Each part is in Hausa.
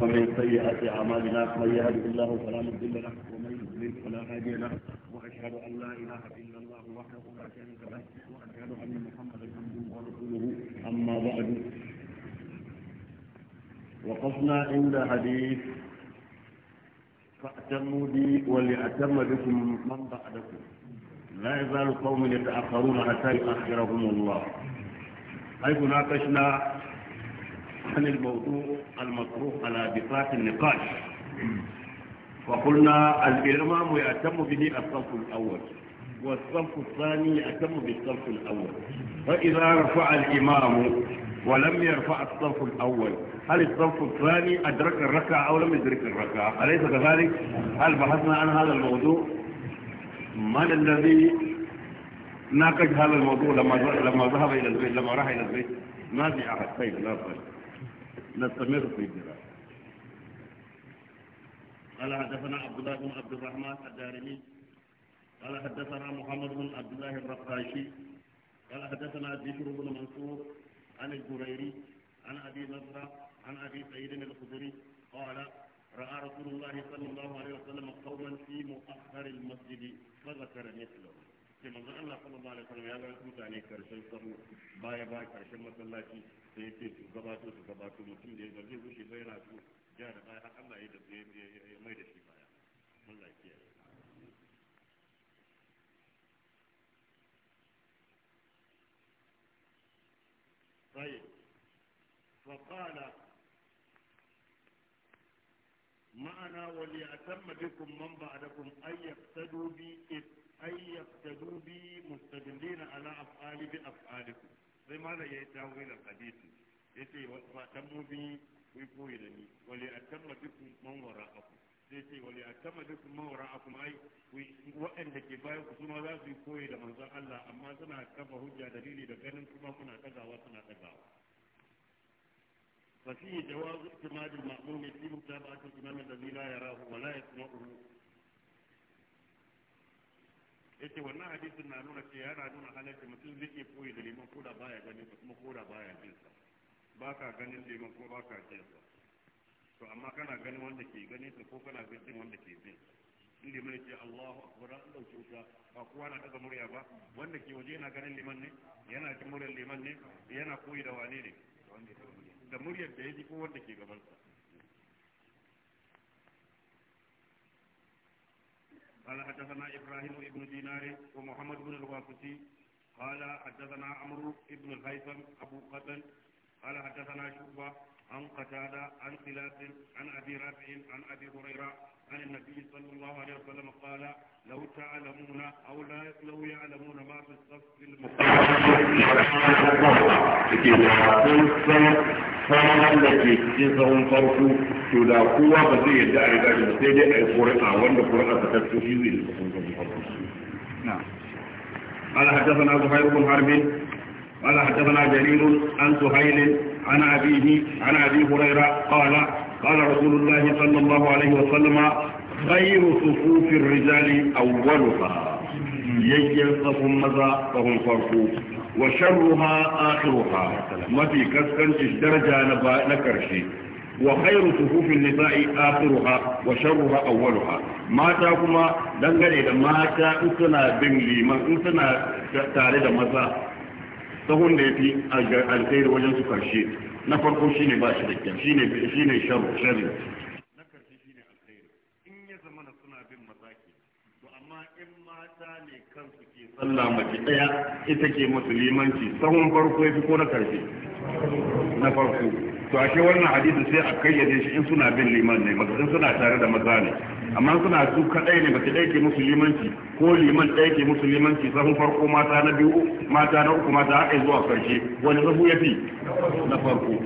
ومن سيئات أعمالنا من يهده الله فلا مضل له ومن يضلل فلا هادي له وأشهد أن لا إله إلا الله وحده لا شريك له وأشهد أن محمدا عبده ورسوله أما بعد وقفنا عند حديث فأتموا بي ولأتم بكم من بعدكم لا يزال قوم يتأخرون حتى يؤخرهم الله حيث ناقشنا عن الموضوع المطروح على بساط النقاش وقلنا الإرمام يهتم به الصف الأول والصف الثاني يهتم بالصف الأول فإذا رفع الإمام ولم يرفع الصف الأول هل الصف الثاني أدرك الركعة أو لم يدرك الركعة أليس كذلك؟ هل بحثنا عن هذا الموضوع؟ من الذي ناقش هذا الموضوع لما ذهب إلى البيت لما راح إلى البيت؟ ما في أحد طيب لا طيب نستمر في الدراسة قال حدثنا عبد الله بن عبد الرحمن الدارمي قال حدثنا محمد بن عبد الله الرقاشي قال حدثنا بشر بن منصور عن الجريري عن ابي نضره عن ابي سعيد الخدري قال راى رسول الله صلى الله عليه وسلم قوما في مؤخر المسجد فذكر مثله ce manzon Allah sallallahu alaihi wasallam ya ga mutane karshen sarno baya baya karshen masallaci sai ce su gabato su gabato mutum da ya zai rushe bai yana so ya da baya Allah ya da ya mai da shi baya Allah ya kiyaye طيب فقال معنا وليأتم بكم من بعدكم أن يقتدوا بي إذ ay yaqtadu bi mustadillin ala af'ali bi af'alikum sai malam yayi tawilin hadisi yace wa tamubi kuyi koyi da ni wali atamma bikum man wara'akum sai ce wali atamma bikum man wara'akum ai waɗanda ke bayan ku suma za su koyi da manzon Allah amma suna kafa hujja dalili da ganin kuma kuna tagawa suna tagawa ففيه جواز اعتماد المأموم في متابعة الإمام الذي لا يراه ولا يسمعه yace wannan hadisin na nuna cewa yana nuna halarci mutum zai iya koyi da liman koda baya gani sa kuma koda baya jin sa ba ka ganin liman ko ba ka jin sa to amma kana ganin wanda ke ganin sa ko kana ganin wanda ke jin sa in liman ce Allahu akbar an dauke ta ba kowa na daga murya ba wanda ke waje yana ganin liman ne yana jin murya liman ne yana koyi da wane ne da muryar da yaji ko wanda ke gaban sa قال حدثنا إبراهيم بن دينار ومحمد بن الواسطي قال حدثنا عمرو بن الهيثم أبو قتل قال حدثنا شعبة عن قتادة عن خلاف عن أبي رافع عن أبي هريرة عن النبي صلى الله عليه وسلم قال لو تعلمون أو لا لو يعلمون ما في الصف المحرم نعم. sauran da ke cikin sahun farko to da kowa ba zai yadda a riga da قال حدثنا زهير بن حرب قال حدثنا جرير عن سهيل عن أبيه عن أبي هريرة قال قال رسول الله صلى الله عليه وسلم خير صفوف الرجال أولها يجلسهم مذا فهم فرقوا وشرها آخرها ما في كسكن درجة نكرشي وخير صفوف النساء آخرها وشرها أولها mata kuma dangane da mata in suna bin liman in suna tare da maza sahun da ya fi alkhairi wajen su karshe na farko shine ba shi da kyau shine shine sharri sharri na karshe shine alkhairi in ya zama na suna bin mazaki to amma in mata ne kansu ke sallah mace daya ita ke musulmanci sahun farko ya fi ko na karshe na farko to ashe wannan hadisi sai a kayyade shi in suna bin liman ne in suna tare da maza ne amma suna su kadai ne mace ɗaya musu limanci ko liman ɗaya ke musu limanci sahun farko mata na biyu mata na uku mata haka zuwa karshe wani sahu ya fi na farko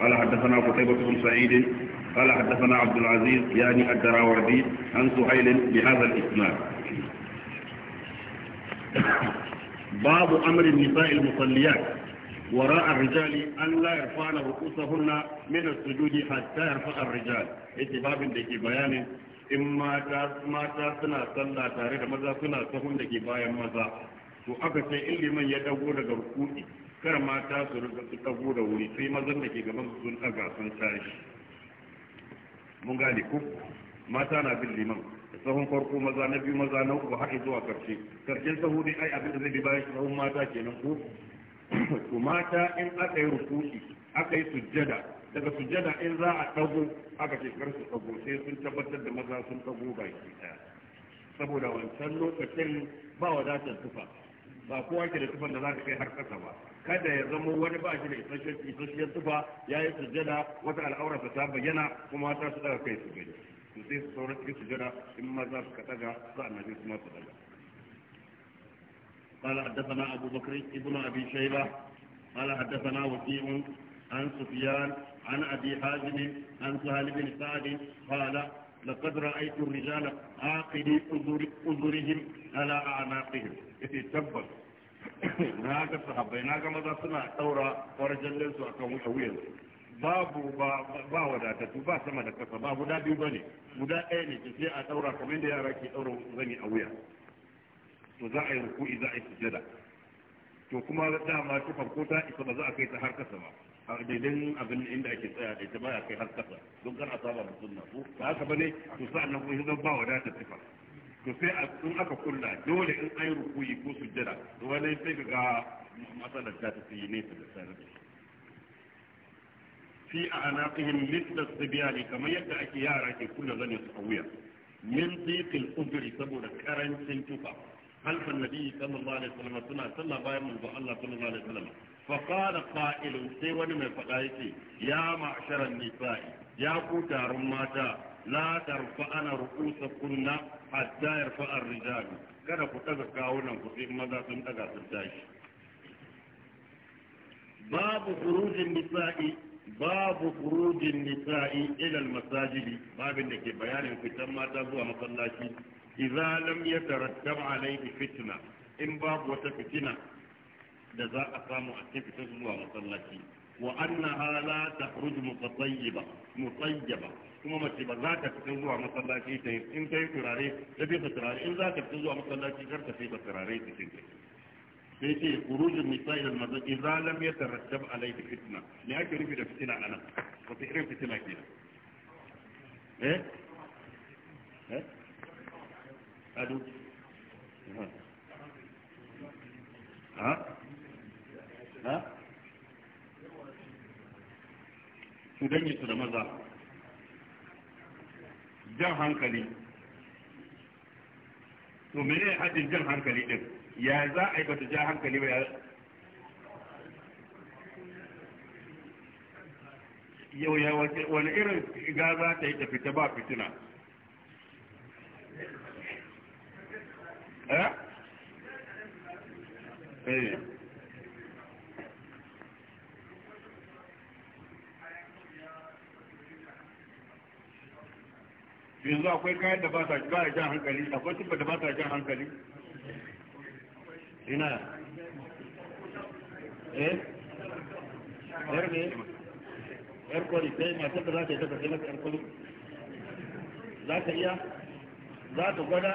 قال حدثنا قتيبة بن سعيد قال حدثنا عبد العزيز يعني الدراوردي عن سهيل بهذا الإسناد باب أمر النساء المصليات وراء الرجال أن لا يرفعن رؤوسهن من السجود حتى يرفع الرجال اتباب دكي بيان إن ما سنة صلى تاريخ مزا سنة سهن دكي بايا مزا to aka ce in liman ya daga kar mata su riga su dago da wuri sai mazan da ke gaban sun daga sun tashi mun gane ku mata na bin liman sahun farko maza na biyu maza na uku har zuwa karshe karshen sahu ai abin da zai bi bayan sahun mata kenan ko to mata in aka yi rukuki aka yi sujjada daga sujjada in za a tagu aka ce kar su tsago sai sun tabbatar da maza sun tagu baki daya saboda wancan lokacin ba wadatar tufa ba kowa ke da tufan da za ta kai har kasa ba kada ya zama wani ba shi da isasshen tufa ya yi sujjada wata al'aura ta bayyana kuma ta su daga kai su gani to sai su sauran cikin sujjada in maza suka daga sa'an su kuma su daga قال حدثنا أبو بكر ابن أبي شيبة قال حدثنا وكيع عن سفيان عن أبي حازم عن سهل بن سعد قال لقد رأيت الرجال عاقلي أذرهم على أعناقهم تبا ناقة صحابة ناقة ماذا سنع تورا ورجل لنسا كم حويل babu ba ba wadatattu ba sama da kasa ba guda biyu bane guda ɗaya ne ki sai a daura kamar da yara ke tsaro gani a to za a yi ruku'i za a yi sujada to kuma dama ta farko ta isa ba za a kai ta har kasa ba a daidai abin inda ake tsaya da ita ba ya kai har kasa don kar a saba da sunna ko ba haka bane to sa'an nan kuma zan ba wadatar sifa to sai a tun aka kulla dole in ayi rukuyi ko sujjada to wani sai ka ga matsalar ta ta yi nesa da sanar da fi a anaqihim listas sibiyani kamar yadda ake yara ke kulla zane su a wuya min dhiqil udri saboda karancin tufa خلف النبي صلى الله عليه وسلم سنة صلى بايا من الله صلى الله عليه وسلم فقال قائل سيوان من فقائتي يا معشر النساء يا كتار ماتا لا ترفعن رؤوسكن حتى يرفع الرجال kada ku daga kawunan ku sai maza sun daga sun tashi babu khurujin nisa'i babu khurujin nisa'i ila al-masajidi babin da ke bayanin fitan mata zuwa masallaci idza lam yatarattab alayhi fitna in babu wata fitina da za a samu a cikin zuwa masallaci wa kuma mace ba za ta fita zuwa masallaci ta in kai turare ta ta turare in za ta fita zuwa masallaci kar ta fesa turare ta fesa sai ce kurujin misali da mazan idan ya tarattab ne ake rufe da fitina a nan wata irin fitina ke eh ado ha ha su danye su da maza jan hankali to mene hajjin jan hankali din ya za a yi bata jan hankali ba ya? yau ya wani irin gaza za ta yi tafi ta ba fitina Eh? Eh. yanzu akwai kayan da ba sa jan hankali akwai tubba da ba sa jan hankali ina eh yar ne yar kwari sai matar da za ta yi ta sai mata yar kwari za ta iya za ta gwada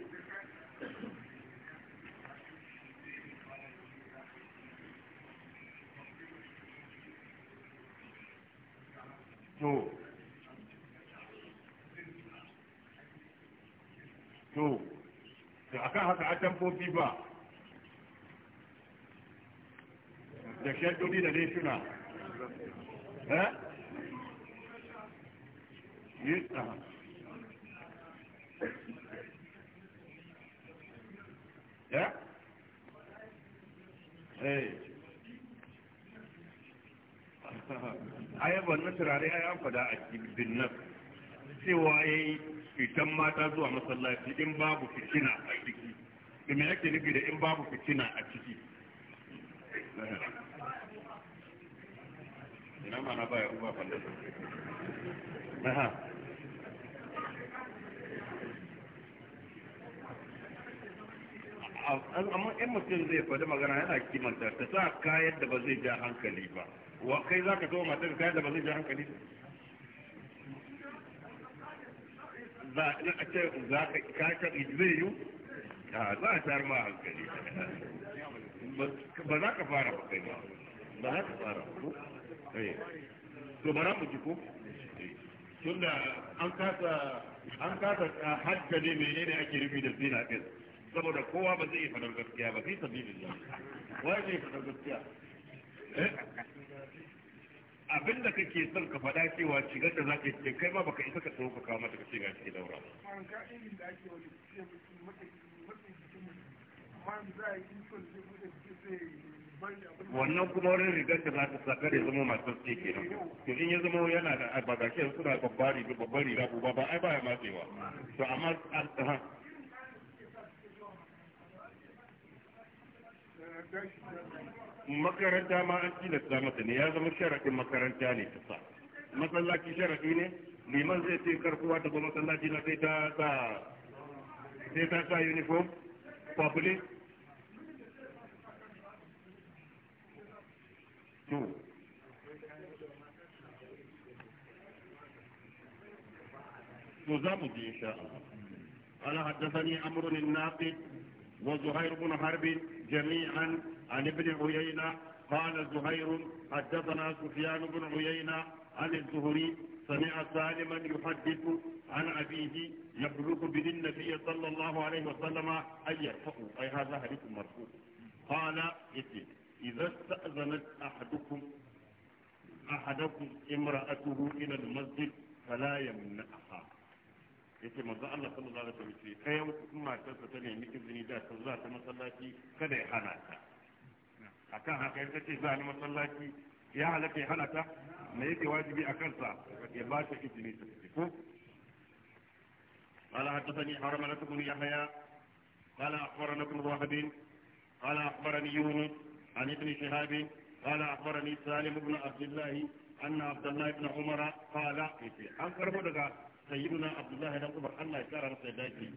to to da akan haka a tamfofi ba da shaddodi da dai suna ha? Eh? yi tsaha ya eh, eh. ai na turare ya an fada a cikin nan cewa yi fitan mata zuwa masallaci in babu fitina a ciki to me ake nufi da in babu fitina a ciki ina ma na baya uwa fallasa amma in mutum zai faɗi magana yana kimanta ta sa kayan da ba zai ja hankali ba wa kai zaka zo matar kayan da ba zai ji hankali za a ce za ka kaka zai yi za a tayar ma hankali ba za ka fara ba kai ba ba za ka fara ba to bara mu ji ko tunda an kasa an kasa haddade menene ake rufi da zina din saboda kowa ba zai fadar gaskiya ba sai sabilillah wai zai fadar gaskiya abin da kake son ka faɗa cewa shigar da za ka ce kai ma baka isa ka tsoro ka kawo mata ka ce ga shi daura wannan kuma wani rigar da za ta saka da zama masu ce ke nan to in ya zama yana da ba ga shi suna babbar riga babbar riga ko ba ai baya matsewa to amma Thank you. makaranta ma an tilasta mata ne ya zama sharaɗin makaranta ne ta sa masallaci sharaɗi ne liman zai ce karkuwa ta daga masallaci na sai ta sa sai ta sa uniform public to to za mu je insha Allah ala haddathani amrun naqid وزهير بن حرب جميعا عن ابن عيينة قال زهير حدثنا سفيان بن عيينة عن الزهري سمع سالما يحدث عن أبيه يبلغ به النبي صلى الله عليه وسلم أن يرفعه أي هذا حديث مرفوع قال إذا استأذنت أحدكم أحدكم امرأته إلى المسجد فلا يمنعها yake manzo Allah sallallahu alaihi wasallam ce kai yau in matarsa ta miki zini da ta za ta masallaci kada ya hana ta akan haka yake ce za ni masallaci ya halaka ya hana ta me yake wajibi a kansa ya ba ta izini ta ce ko قال حدثني حرملة بن يحيى قال أخبرنا ابن وهب قال أخبرني يونس عن ابن شهاب قال أخبرني سالم بن عبد الله أن عبد الله بن عمر an أنكر daga سيدنا عبد الله بن عمر الله يكرر سيداتي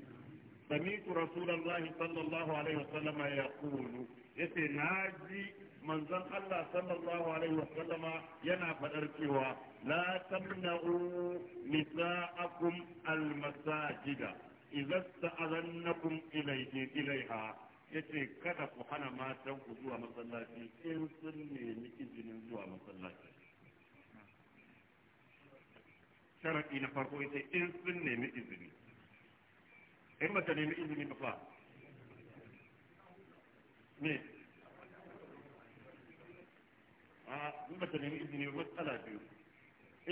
سمعت رسول الله صلى الله عليه وسلم يقول يتناجي من ذن الله صلى الله عليه وسلم ينا فدركوا لا تمنعوا نساءكم المساجد إذا استأذنكم إليه إليها yace kada ku hana matan ku zuwa masallaci in sun nemi izinin zuwa masallaci sharaɗi na farko ita in sun nemi izini in ba ta nemi izini ba fa me a in ba ta nemi izini ba matsala biyu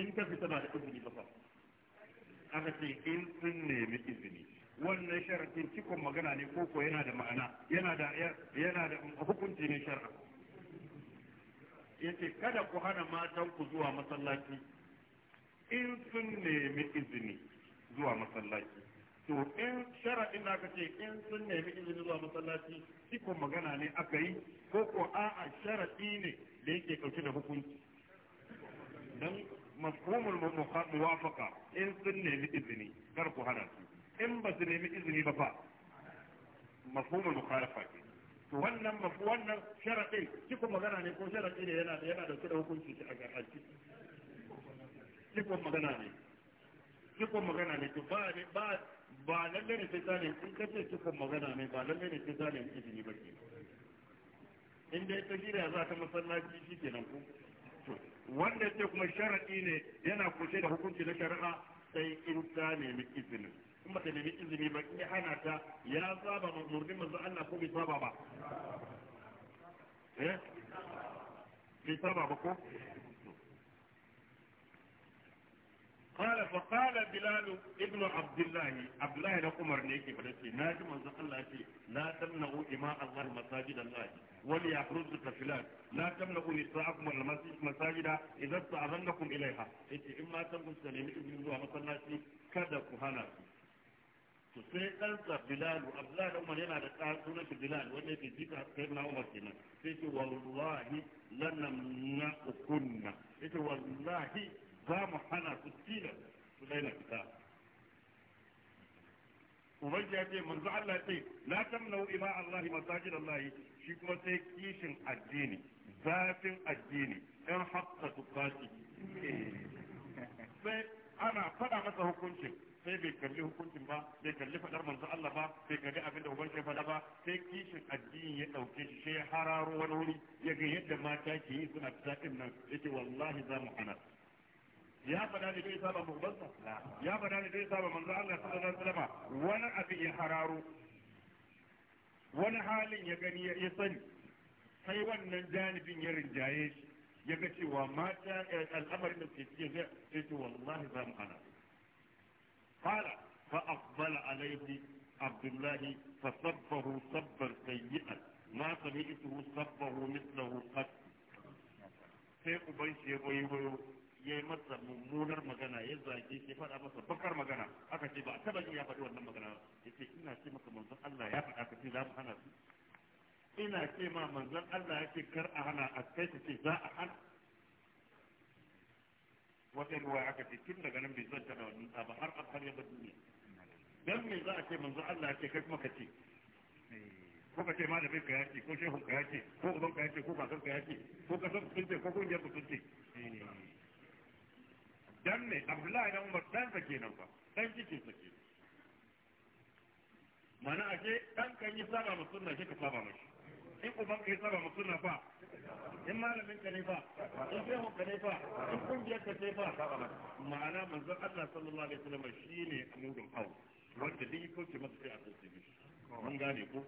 in ta fi tana da izini ba fa aka ce in sun nemi izini wannan sharaɗin cikon magana ne ko ko yana da ma'ana yana da yana da hukunci ne shara'a yace kada ku hana matan ku zuwa masallaci in sun nemi izini zuwa masallaci to in shara'in da aka ce in sun nemi izini zuwa masallaci cikon magana ne aka yi ko ko a'a shara'i ne da yake ɗauke da hukunci dan mafhumul muwafaqa in sun nemi izini kar ku hana su in ba su nemi izini ba fa mafhumul mukhalafa ke to wannan wannan sharadin cikin magana ne ko sharadi ne yana yana da hukunci a ciki cikon magana ne cikon magana ne to ba ba lalle ne sai zane in kace cikon magana ne ba lalle ne sai zane izini ba ke in dai ta gida za ta masallaci shi kenan ko wanda ce kuma sharadi ne yana kushe da hukunci na shari'a sai in ta nemi izini in ba ta nemi izini ba in hana ta ya saba mamurdin manzo Allah ko bai saba ba eh bai saba ba ko قال فقال بلال ابن عبد الله عبد الله بن عمر ne yake fada ce na ji manzo Allah ya ce la tamna'u ima Allah masajid Allah wal yahruzu tafilat la tamna'u nisa'akum al masajid masajida idza ta'adannakum ilaiha yace in ma san kun nemi izini zuwa masallaci kada ku hana su to sai sa Bilal Abdullah bin Umar yana da ɗan sunan shi Bilal wanda yake jika kai na Umar kenan sai ce wallahi lanamna'ukunna yace wallahi za mu hana su tila su daina fita ubangi ya ce manzo Allah ce la tamnau ima Allah masajid Allah shi kuma sai kishin addini zafin addini in haqqa tukati sai ana fada masa hukuncin sai bai kalli hukuncin ba bai kalli fadar manzo Allah ba bai kalli abinda da ya fada ba sai kishin addini ya dauke shi sai hararo wani wuri ya ga yadda mata ke yi suna fita din nan yake wallahi za mu hana ya faɗa ne zai saba babbansa ya faɗa ne zai saba manzo Allah sallallahu alaihi wasallam wani abin ya hararo wani halin ya gani ya sani sai wannan janibin ya rinjaye shi ya ga cewa mata eh, al'amarin da ke cikin sai ce wallahi za mu hana fara fa afdala alaihi abdullahi fa sabbahu sabban sayyi'an ma sami'tuhu sabbahu mislahu qat sai uban shi ya goyi goyo ya yi masa mummunar magana ya zage ya faɗa masa bakar magana aka ce ba a taɓa yi ya faɗi wannan magana ba ya ce ina ce maka manzon Allah ya faɗa ka ce za mu hana su ina ce ma manzon Allah ya ce kar a hana a kai ka ce za a hana wata ruwa aka ce tun daga nan bai zan da wannan ba har a har yaba duniya dan me za a ce manzon Allah ya ce kai kuma ka ce ko ka ce bai ka ya ko shehu ka ya ko uban ka ya ko kakan ka ya ko kasan sun ce ko kungiyar ku ce dan ne abdullahi dan umar dan sa kenan fa dan kike sake mana ake dan kan yi saba ma sunna shi ka saba mashi in uban ka kai saba ma sunna fa in malamin ka ne fa in shehu ka ne fa in kungiyar ka ce fa ma'ana manzon Allah sallallahu alaihi wasallam shine nurul hawa wanda duk yake masa sai a tsaye mun gane ko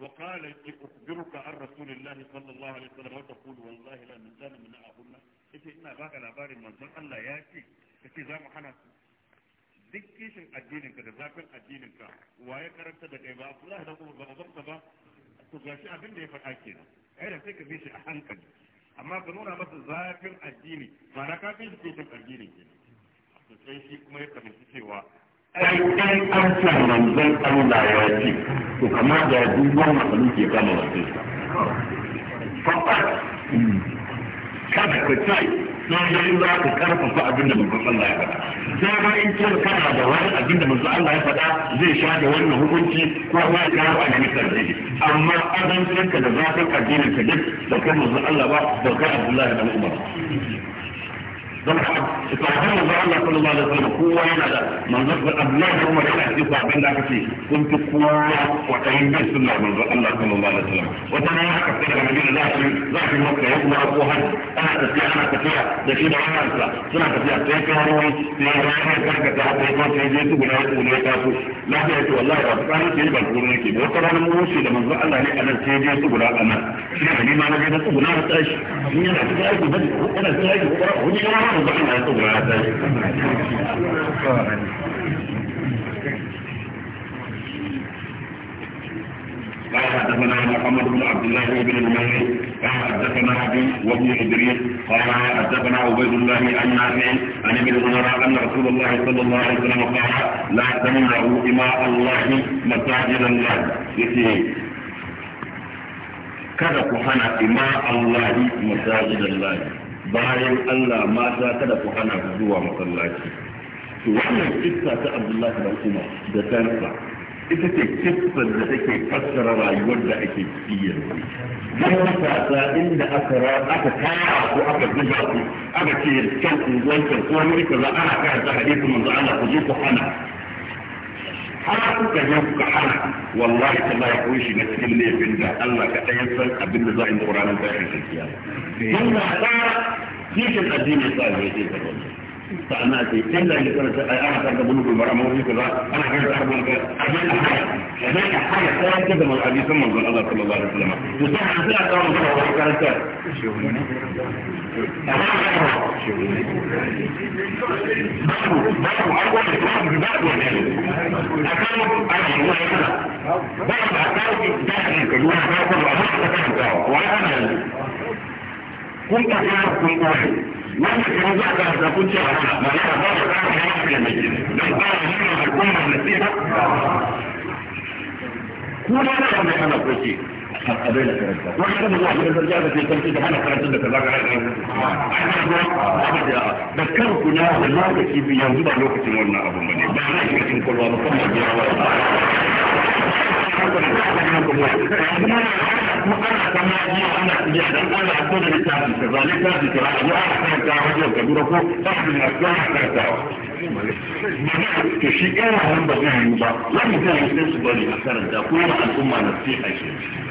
وقال أخبرك عن رسول الله صلى الله عليه وسلم وتقول والله لا نزال من أهلنا إذا إنا باقى لابار المنزل الله ياتي إذا زام حنا duk kishin addininka da zafin addininka waye karanta da kai ba Abdullahi da kuma ba zan ba to gashi abin da ya faɗa kenan ai da sai ka bi shi a hankali amma ka nuna masa zafin addini ba na kafin shi kishin addinin kenan to sai shi kuma ya fahimci cewa ai in an ce manzon Allah ya ce to kama da duk wani ke kama wasu fakat kada ka ce sai dai za ka karfafa abin da manzon Allah ya faɗa sai ma in ce kana da wani abin da manzon Allah ya faɗa zai sha da wannan hukunci ko ma ka rawa da misal dai amma azancin ka da zafin addinin ka duk da kai manzon Allah ba da kai Abdullahi da Umar don haka sahabban manzo Allah sallallahu alaihi wasallam kowa yana da manzo Abdullah da Umar yana cikin sahabban da aka ce sun fi kowa wata yin bin sunna manzo Allah sallallahu alaihi wasallam wata ne haka sai daga Madina za su za su maka ya kuma ko har ana tafiya ana tafiya da shi da wannan suna tafiya sai ka wani wani sai ya yi karka ta ko ko sai je su guda ko ne ta ku lafiya ce wallahi ba tsani ce ba gurin yake ba wata ranar mun shi da manzo Allah ne anan sai je su guda anan shi da ni ma na je da su guda na tashi in yana cikin aiki ba yana cikin aiki ko ko ni ma قال حدثنا محمد بن عبد الله بن المني قال حدثنا ابي وابن ادريس قال حدثنا عبيد الله عن نافع عن ابن عمر ان رسول الله صلى الله عليه وسلم قال لا تمنعوا اماء الله مساجد الله يسير كذا كهنا اماء الله مساجد الله bayan Allah mata kada ku hana ku zuwa masallaci to wannan kissa ta Abdullahi da Umar da Tansa ita ce kissa da take fassara rayuwar da ake ciki yanzu dan matasa inda aka aka kara ko aka zuba ku aka ce kan ku wancan ko ne kaza ana karanta hadisin manzo Allah ku je ku hana حتى يبقى حالها والله كما يقويش نفسي اللي يبنده الله كأي يسر قبل نظائم القرآن الباحي في الكيام ثم أطار كيف القديم يصال في طيب، الكيام فأنا أتي إلا إن كانت أنا أترك بلوك المرأة موجود كذا أنا كانت أربون كذا أجل حاجة أجل حاجة ثلاث كذا من الحديث من ظل الله صلى الله عليه وسلم مستحى أن تلعب قام صلى الله عليه وسلم كنت في كنت واحد wanda idan za ka da cewa ce ba za ka ba ka ya fi mai don ba ya nuna al'ummar nasiha kuma da mai ana kwace أبين كرنتا وحكم من الرجال في تنفيذ أنا كرنتا كذاك أبدا ذكرتنا لما كتب يوم الوقت ولنا أبو مني بعد كتب كل واحد كم جاء to shi ƙara hannun ba zai yi ba wani zai yi sai su bari a karanta ko yana al'umma na sai a shi amma a san da zai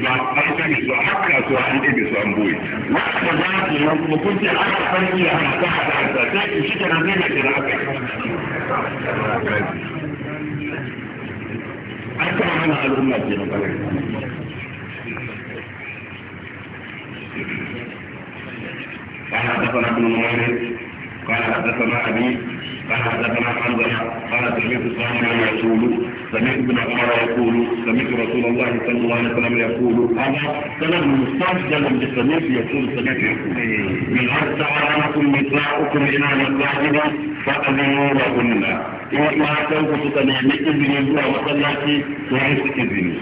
ba an sani su a haka su an ɗebe su an boye wanda za su yi hukunci a haka san iya haka haka haka sai ku shi kenan zai mace da haka an kama mana al'umma ke na ɓarai قال حدثنا ابن نمير قال حدثنا أبي قال حدثنا حمزة قال سمعت صالحا يقول سمعت ابن عمر يقول سمعت رسول الله صلى الله عليه وسلم يقول انا سلم مستجدا بسمعت يقول سمعت يقول من هل تعلمكم نساؤكم إلى مساجد فأذنوا لهن إن آتوكم فتنعم إذن يبوع وصلاتي وعشت إذن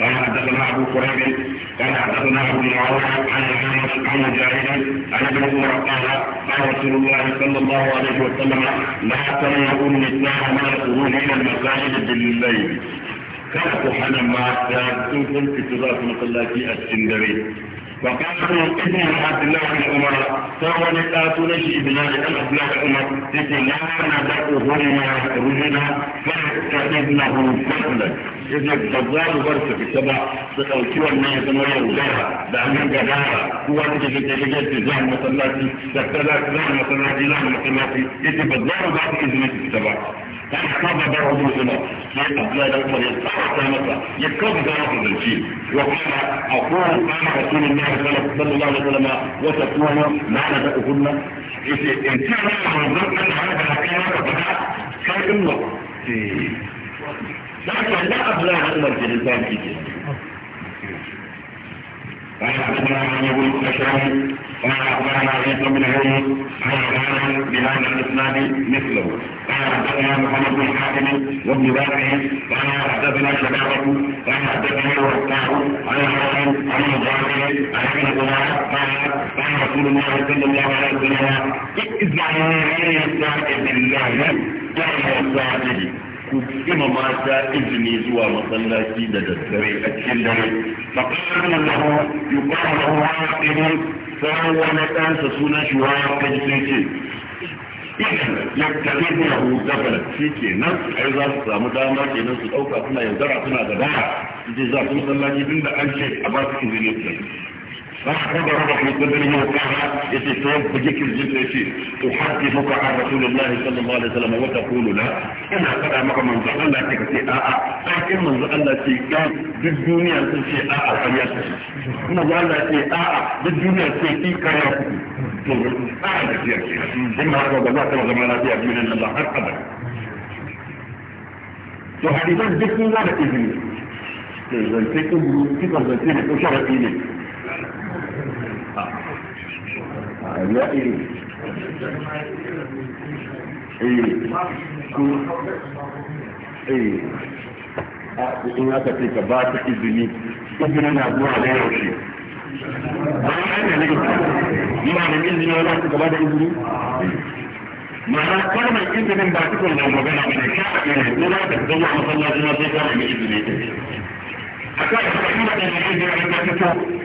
قال حدثنا أبو قريب قال حدثنا ابو معاويه عن الاعمش عن مجاهد عن ابن عمر قال قال رسول الله صلى الله عليه وسلم لا تمنعوا النساء من الخروج الى المساجد بالليل كفوا حنما كنتم في تراث مصلاتي السندري فقالت ابن عبد الله بن عمر فهو لقاتل شيء بن عبد الله بن عمر لكن لا ندعهما رجلا فاتخذنه فضلا إذا الجزار برس في السبع سألتي والناس مرة وزارة بعمل جدارة هو تجد تجد زعم مصلاتي تكتلات زعم مصلاتي زعم مصلاتي إذا الجزار بعد إذنك في السبع فاستغضب رجل هنا كيف لا يقبل مكة يكذب رفض الجيل وقال أقول أنا رسول الله صلى الله عليه وسلم وتكون لا نبأكن إن كان منظر أن هذا كان فقد كان الله لا أبلغ إلا الجلسان في جلسان قال اخبرنا علي بن الاشعري قال اخبرنا عيسى بن عيسى عن عمران بهذا الاسناد مثله قال حدثنا محمد بن حاتم وابن بكر قال حدثنا شبابه قال حدثنا الوقاع عن عمران عن مجاهد عن ابن قال قال رسول الله صلى الله عليه وسلم اذن غير السائل بالله كان السائل ku kima mata izini zuwa masallaci da daddare a cikin dare faqala lahu yuqalu lahu waqidun sai wani ɗansa sunan shi waya kaji sai ce idan ya tafi da hu gabala shi ke nan ai za su samu dama kenan su ɗauka suna yaudara suna da dara su je za su masallaci tun da an ce a ba su izini فأخرج ربك من قبله وقعها يتسوق بجيك الجنس شيء احدثك عن رسول الله صلى الله عليه وسلم وتقول لا أنا قد أمر من ذا الله تكتي آآ لكن من ذا الله تكتي بالدنيا تكتي آآ فليسك من ذا الله تكتي آآ بالدنيا تكتي كيرك آآ تكتي إما هذا الله كما زمانا في أبين الله هر أبدا تحدثك بكم ولا إذن zance kan kifar zance ne ko ya iri iri iri a in aka ce ka ba ta izini izini na zuwa da yaushe bayan da ne ina da izini wani ka ba da izini ma'ana kalmar izinin ba cikin na magana ba ne sha'a ne ne na ta zama masallaci na sai kalmar izini a kan da kuma da ne izini ta fito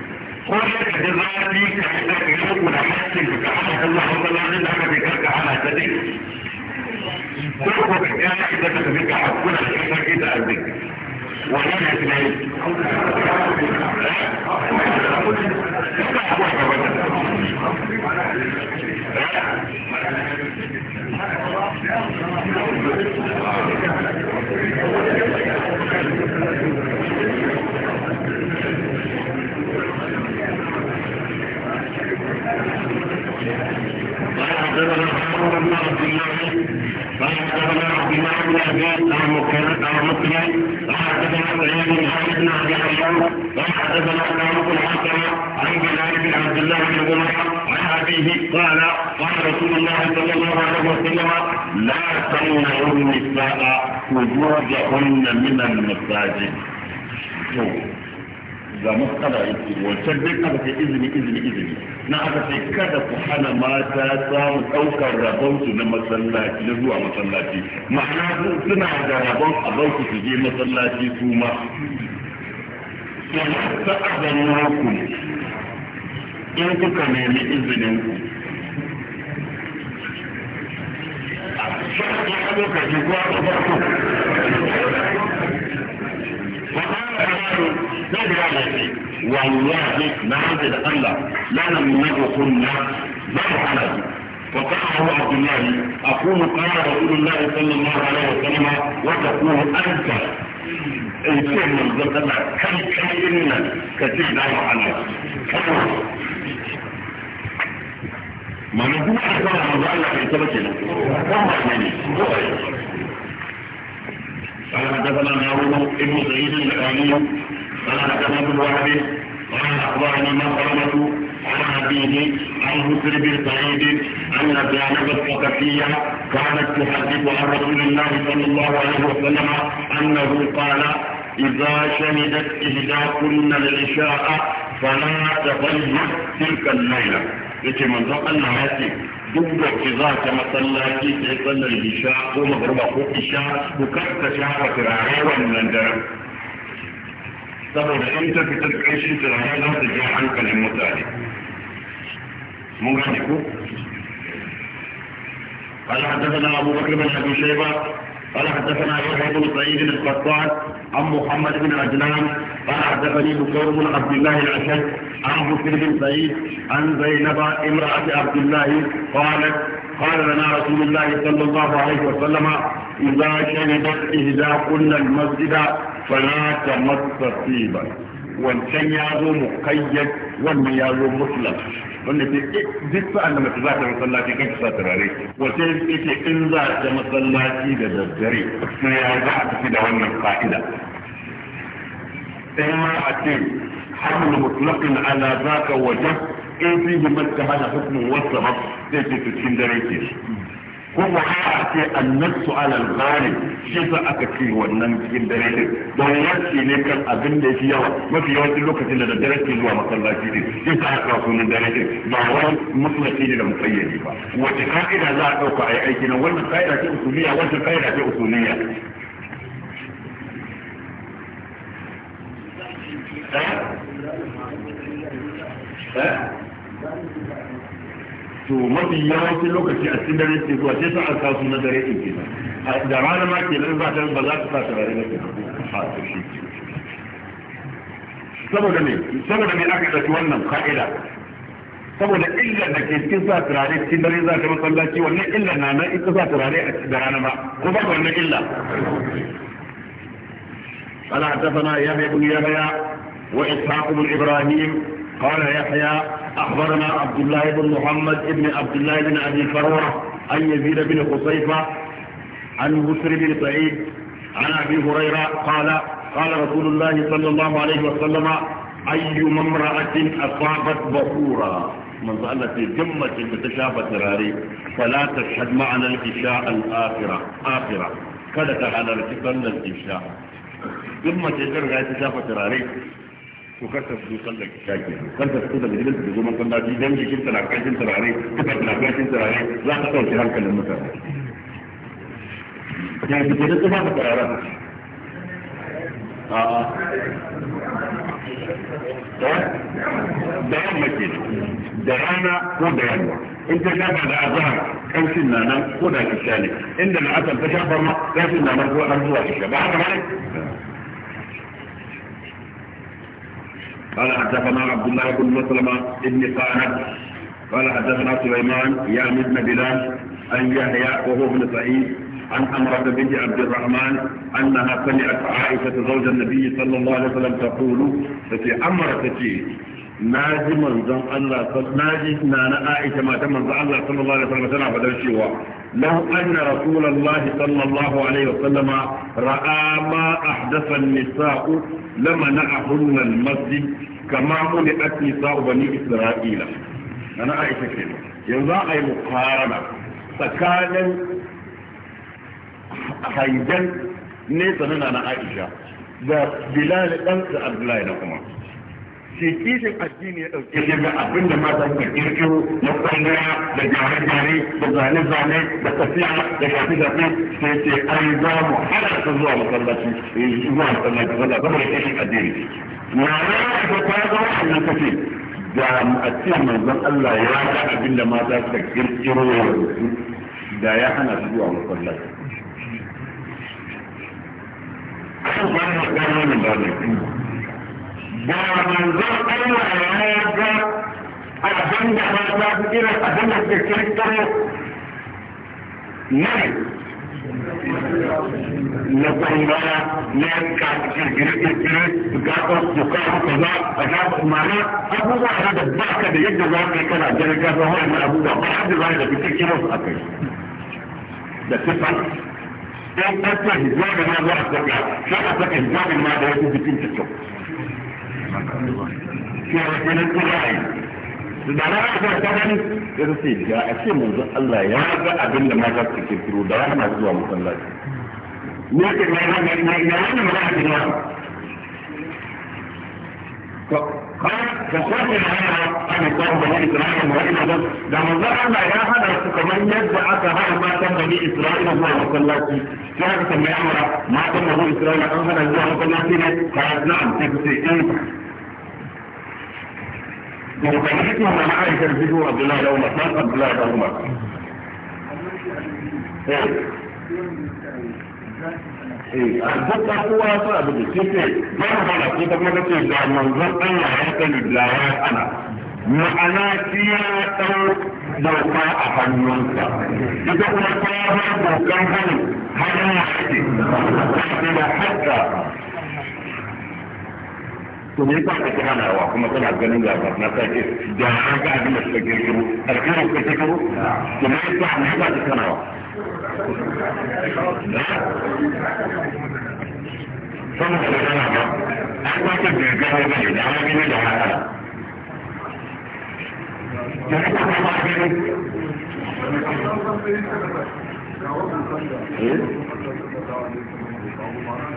ko ya ka ji zafi ka yi da ka yi muku da hakkin ka hana Allah wa sallallahu da ka bi karka hana ta dai ko ko ka ya ka da ka bi ka hakuna da ka sarki da arziki wannan ya tunai Thank you. قال حدثنا عمر بن عبد الله قال حدثنا عبد الله بن ابي عن مكرم عن مسلم قال حدثنا سعيد بن حمد بن ابي حيوان قال حدثنا سلام بن حكم عن بلال بن عبد الله بن بلال عن ابيه قال قال رسول الله صلى الله عليه وسلم لا تمنعوا النساء وجوههن من المساجد ga matsala yake wancan duk aka ce izini izini izini na aka ce kada ku hana mata samun ɗaukar rabonsu na masallaci na zuwa masallaci ma'ana suna da rabon a bauku su je masallaci su ma sa'adannakum in kuka nemi izinin ku a lokacin jikuwa ba farko. والله ما عند الله لا نمنعكن ما حلت وقال له عبد الله اقول قال رسول الله صلى الله عليه وسلم وتقول انت ان كان الزكاه كم كلمه كتير دعوه على ما نقول اكثر من ذلك في سبكنا كم معنى قال حدثنا هارون بن سعيد الأعلي قال حدثنا ابن وهب قال أخبرنا مسلمة عن أبيه عن مسر بن سعيد أن زينب الثقفية كانت تحدث عن رسول الله صلى الله عليه وسلم أنه قال إذا شهدت إهداكن العشاء فلا تغيب تلك الليلة. يتي من الله يأتي duk wacce za ta masallaci ta yi sallar isha ko magruba ko isha ku karka shafa turare wannan daren saboda in ta fitar ƙarshen turare za ta ja hankalin mutane mun gane ko قال حدثنا أبو بكر بن أبي شيبة قال حدثنا يحيى بن سعيد القطان عن محمد بن عجلان قال حدثني بكير بن عبد الله الاشد عن بكر بن سعيد عن زينب امراه عبد الله قالت قال لنا رسول الله صلى الله عليه وسلم اذا شربت اهداكن المسجد فلا تمس طيبا wancan ya zo mu muqayyad wannan ya zo mutlaq wanda ke eh, duk sa'an da mace za ta masallaci kan sa turare wace yake in za ta masallaci da daddare sai ya za a tafi da wannan fa'ida sai ma a ce hamlu mutlaqin ala ka wajen in fi bi hana hada hukmun wasa sai ce cikin dare ke kuma a ce annabtu alal ghalib shi sa aka ce wannan cikin dare din don yaki ne kan abin da yafi yawa mafi yawancin lokacin da daddare ke zuwa masallaci din shi sa aka sunan dare din ba wani musulunci ne da mukayyadi ba wace ka'ida za a dauka a yi aiki nan wannan ka'ida ce usuliya wannan ka'ida ce usuliya eh eh to mafi yawancin lokaci a cikin dare ke zuwa sai sa an kasu na dare din kenan da rana ma kenan ba ta ba za ta sa turare ba kenan saboda ne saboda ne aka ɗauki wannan ka'ida saboda illar da ke cikin sa turare cikin dare za ta masallaci wannan illar na nan ita sa turare a cikin rana ba ko ba wannan illa قال حدثنا يحيى بن يحيى واسحاق بن ابراهيم قال يحيى أخبرنا عبد الله بن محمد بن عبد الله بن أبي فروة عن يزيد بن خصيفة عن بسر بن سعيد عن أبي هريرة قال قال رسول الله صلى الله عليه وسلم أي امرأة أصابت بخورا من في جمة المتشابة راري فلا تشهد معنا الإشاء الآخرة آخرة كدت على رسول الإشاء جمة الإشاء تشابة راري to karta su sallar isha ke karta su da gidan su zo masallaci dan jikin ta na kashin turare kuka na kashin turare za ta sauke hankalin mutane ya ji da kuma da turaren a da yamma ke da rana ko da yamma in ta shafa da azhar kanshin na nan ko da isha ne inda na asal ta shafa ma kanshin na nan ko an zuwa isha ba haka ba ne قال حدثنا عبد الله بن مسلم بن قاعد قال حدثنا سليمان يا ابن بلال ان يحيى وهو ابن سعيد عن أمرة بنت عبد الرحمن أنها سمعت عائشة زوج النبي صلى الله عليه وسلم تقول في أمرة تجي ناجي زم الله ناجي نانا عائشة ما تم من الله صلى الله عليه وسلم سنة فدر شوى لو أن رسول الله صلى الله عليه وسلم رأى ما أحدث النساء لمنعهن المسجد كما منعت نساء بني إسرائيل أنا عائشة كده ينزع أي مقارنة سكانا هيدا نيسا أنا عائشة ده بلال أنت أبلاي لكم shi kishin addini ya ɗauke shi ga abin da mata ke kirkiro na kwangaya da gyare-gyare da zane-zane da tafiya da shafi-shafi sai ce ai za mu hana su zuwa masallaci zuwa masallaci wanda zama da kishin addini na rana da ta zama wannan kace da a ce manzon Allah ya ga abin da mata suka kirkiro ya rubutu da ya hana su zuwa masallaci kan ba mu ga wannan ba ne da manzon Allah ya ga abin da ba ta fi irin abin da ke kirkiro ne na kwambara na yanka kirkire-kirkire ga su kawo ka za a za su mana abubuwa ne da ba ka da yadda za ka yi kana jirga ba wani abubuwa ba har da za ka fi kirkiro su a kai da sifan in ƙasar hijabin ma za a saka sai a saka hijabin ma da wasu jikin cikin cewa kenan kura'i da da ra'a ta gani ya ta ce ga a ce manzo Allah ya ga abin da mata su kirkiro da yana zuwa musallaci ne ke ne ne ne ne ne ne ne ne فخذ العلم عن الدم بني اسرائيل وإلى ذلك لما ظهرنا يا هذا كمان يدعى هذا ما تم بني اسرائيل هو مصلاتي كان كما يامر ما تم بني اسرائيل هو مصلاتي قالت نعم تكفي انت مختلفتنا مع عائشة الفيديو عبد الله لو مطلق عبد الله لو مطلق Dukkan kowa su abu da shi ce, ba mu hana ko ta kuma ce da manzon Allah ya sani da ya ana. Ma'ana shi ya ɗau dauka a hannunsa. Ita kuma ta ba dokan hannun hannun ya ce, ta da haka to baka yasa kake wa kuma kana ganin ga na sake da an ga abin da suka girgiro alkhairu ka ta karo to me yasa me yasa kake hanawa sama da kana ba an ba ta girgiro ba ne da an gani da haka da haka ba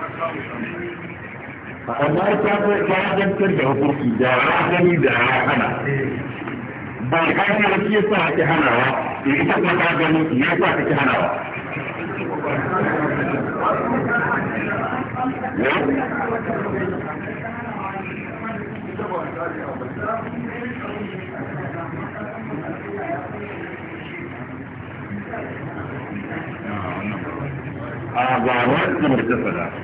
ba gani amma ta ta zantar da hukunci da ya da hana ba ka ne da ke sa ake hanawa ita kuma ta gani ya sa ake hanawa a ga wani mutum da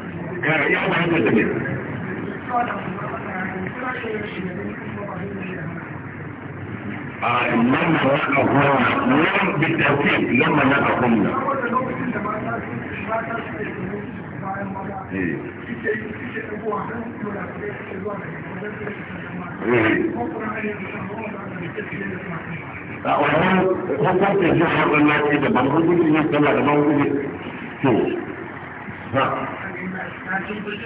يحضر هذا الجميع لما وقفونا نعم بالتوكيد لما وقفونا wannan hukuncin jihar ɗan lafiya da ban hukuncin yin sallah da ban hukuncin to تقول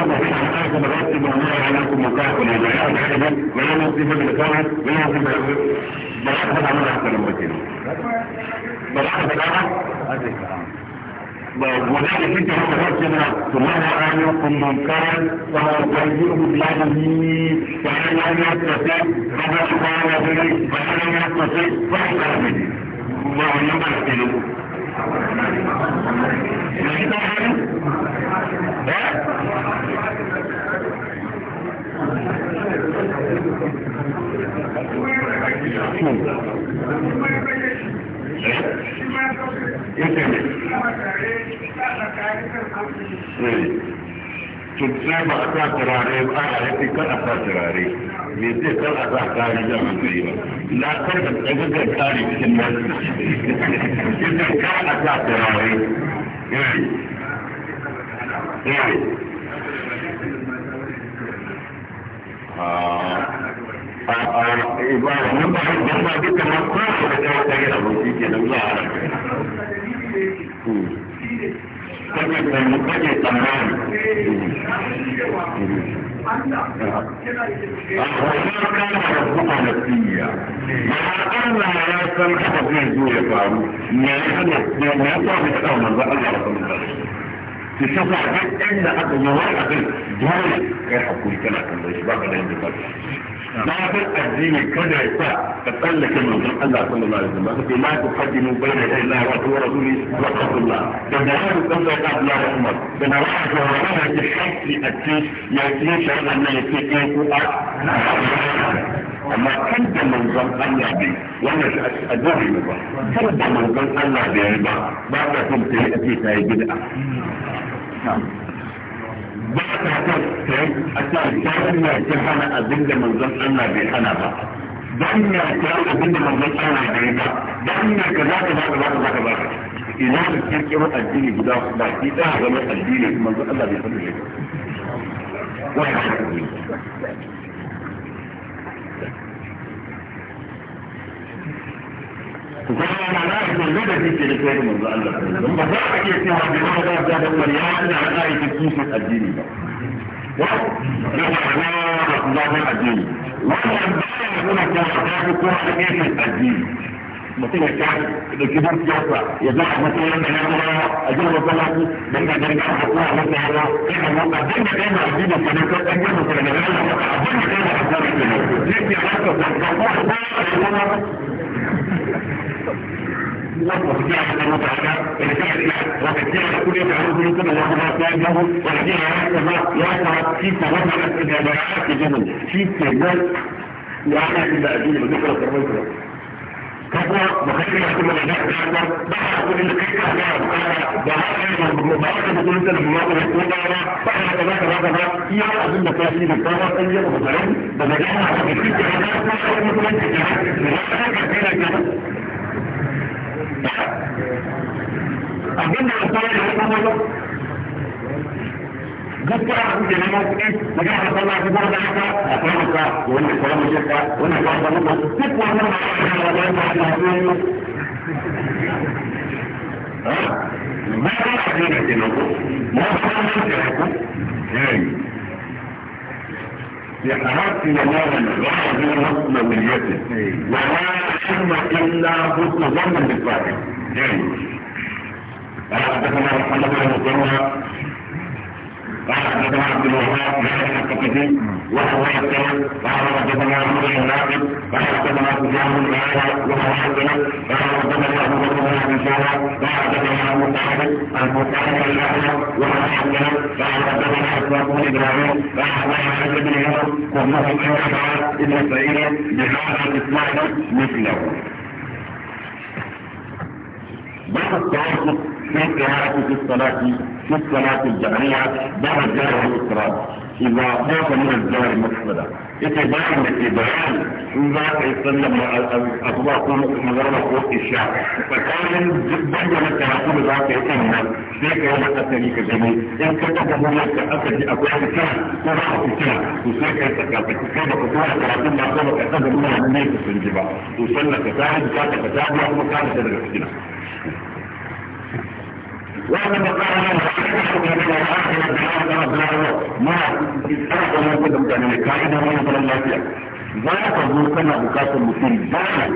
ما فيش حاجة مرتب وما عليكم مكافأة ولا جاء حاجة ولا نصيب من الكلام ولا نصيب من الكلام بس هذا عمل أحسن من كده بس هذا كلام هذا كلام da wani da suke haka har ce na kuma na ayyar kullum kan tsawon ƙarfi da ya yi ta hanyar yi sosai ba za su kawo ya zai ba ta hanyar yi sosai ba su kawo ya zai ba wani ba su kele ku. Thank you. yake eh. ba a sa turare ba a yafi kan a sa turare me zai kan a sa da ba na kar da tsagugar cikin nasu kan a sa turare eh. Eh. Ah. ba wannan ba don ba duka ma ko da ta yi gina ke nan za a raka yana. Kake tsammani, kake tsammani. Allah kana da kuma nasiya. Ma'ana Allah ya san haka zai zo ya faru. Me ya hana, me ya sa bai tsawon manzo Allah ya san haka. ki shafa duk inda aka yi wani abin dole kai hakuri kana kallon shi ba ka da yadda ba ما بر الدين كذا يسا تقلك من الله صلى الله عليه وسلم لا تقدموا بين يدي الله ورسوله واتقوا الله لأن هذا كله قبل عمر لأن واحد وراء الحق لأكيد يأتيش على أن يتكيك أما كنت منظم الله بي وأنا أدوري نظام كنت منظم الله بي بعد كنت يأتيك بدأ نعم ba ta kai kai a ce ta ta hana abin da manzon Allah bai hana ba dan ya ta abin da manzon Allah bai ba dan ya ka za ka ba ka za ka ba ka ina da kirkiro addini guda ba ki da zama addini manzon Allah bai fada ta ba فقال انا لا احنا الذي في الكتاب من الله ثم ذاك يسمع بما ذاك هذا المريان على آية كيف الدين الله الدين وأنا هنا كان كل كيف الدين mutum ya ta da gidan siyasa ya za a mutum yana da rawa a jin masallaci don ga gari a kuma a masa yawa sai ka mota don da kai masu jini ke nan kan yin mutum da rana maka abin da kai masu jini ke nan ne ke haka ko a kuma a وكثيرا من تعالى يتكلم الى وكثيرا كل يوم يعود منكم الله ما كان له وكثيرا يكره يكره في توضع الاستجابات جمل في استجابات وانا في الادله بذكر الكربون كفر وكثير يحكم العلاج بأكبر بحر كل الكيكة لا بقانا بحر مباركة بكل انت المواطن يكون دارا بحر كذاك رضا يا أظن مكاسي بالطارة أي مبارك بمجانا على الكيكة لا بقانا مثلا كذا abinda ya fara da kuma wani gaskiya ku ke neman kuɗi na ga da sallah ku bar da haka a kuma ka wanda kuma mu je ka wannan ba ba mu duk wannan ba da ba da ba da ba ma ba da ne ne ko ma ba da ne ko eh يتعرف نوالا وعلى رسم وليته ولا حكم إلا حسن ظن بالفاتح يعني أحدثنا محمد بن مسلمة قال حدثنا عبد الوهاب بن الكتبي وهو يحتمل قال حدثنا عبد الناقد قال حدثنا سفيان بن عيسى وهو يحتمل قال حدثنا ابو بكر بن ابي شيبه قال حدثنا ابو طالب المطالب الاحمر وهو يحتمل قال حدثنا اسواق بن ابراهيم قال حدثنا حج بن يوسف وهو يحتمل ابن سعيد بهذا الاسلام مثله باب التوسط في قراءة في الصلاة في الصلاة الجماعية بعد الجار والإفراد إذا خاف من الجار مفسدة اتباع الاتباع إذا يسلم أصوات مغرب قوة الشعب فكان جدا من التعاقب ذاك يسمى في قراءة التاريخ الجميل إن كتبه لك في أكوان كان قراءة كان وسيك يتكافك كما قطوع قراءة الله سبق أخذ الله من في الجبال وسلك كتاب كتاب كتاب وكانت تدرس كتاب وانا بقرا انا احكم من الاخر بهذا الامر ما استحق ان يكون كان قاعده من الثلاثيه ذاك هو كان بكاس المسلم ذاك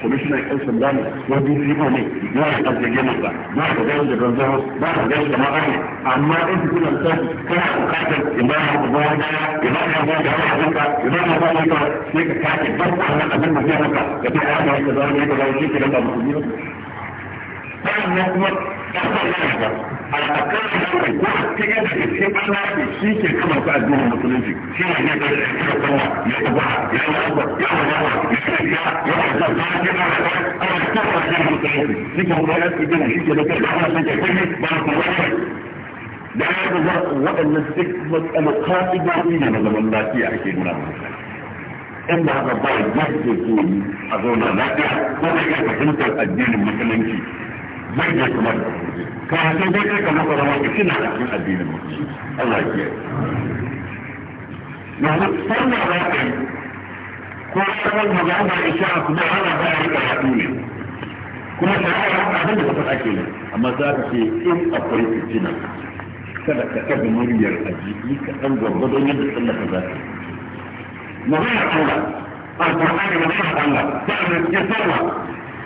kwamishinan yan sanda ne ko dpo ne ya yi arziki ne ba ba ka gani da zanzaro ba ka gani da ma'a ne amma in su kuna son kana bukatar imamu ku bawa daya imamu ku da wani abinka imamu ku bawa daya sai ka kake ban ku wannan abin da zai maka ka ce ya ga wani da zama ne ka zama shi ke da ba musulmi ba. Sannan kuma kasar nan ba al'akar shi ko a cikin da ke ɓanna shi ke kama su addinin musulunci shi ne ne bai da ya kama ya tuba ya yi abuwa ya wani yawa ya yi ya ya wani zan ba ke ba ba ana cikin addinin musulunci shi ke wani yasu gina shi ke da kai ba wani ke kai ba su wani da ya ga waɗannan duk matsala ka'idoji ne na zaman lafiya ake nuna mutane in ba haka ba yadda ke so yi a zauna lafiya ko da ke fahimtar addinin musulunci mai ne kamar ka hakan dai kai kamar da wani kina da cikin addinin musulmi Allah ya kiyaye na na sanna ba kai ko sabon magana isha kuma ana ba ya karatu ne kuma shari'a abin da ka faɗa kenan amma za ka ce in akwai fitina kada ka ɗaga muryar a jiki ka ɗan gwargwadon yadda sallah ka za ta magana Allah alƙur'ani magana Allah sa'an ya sallah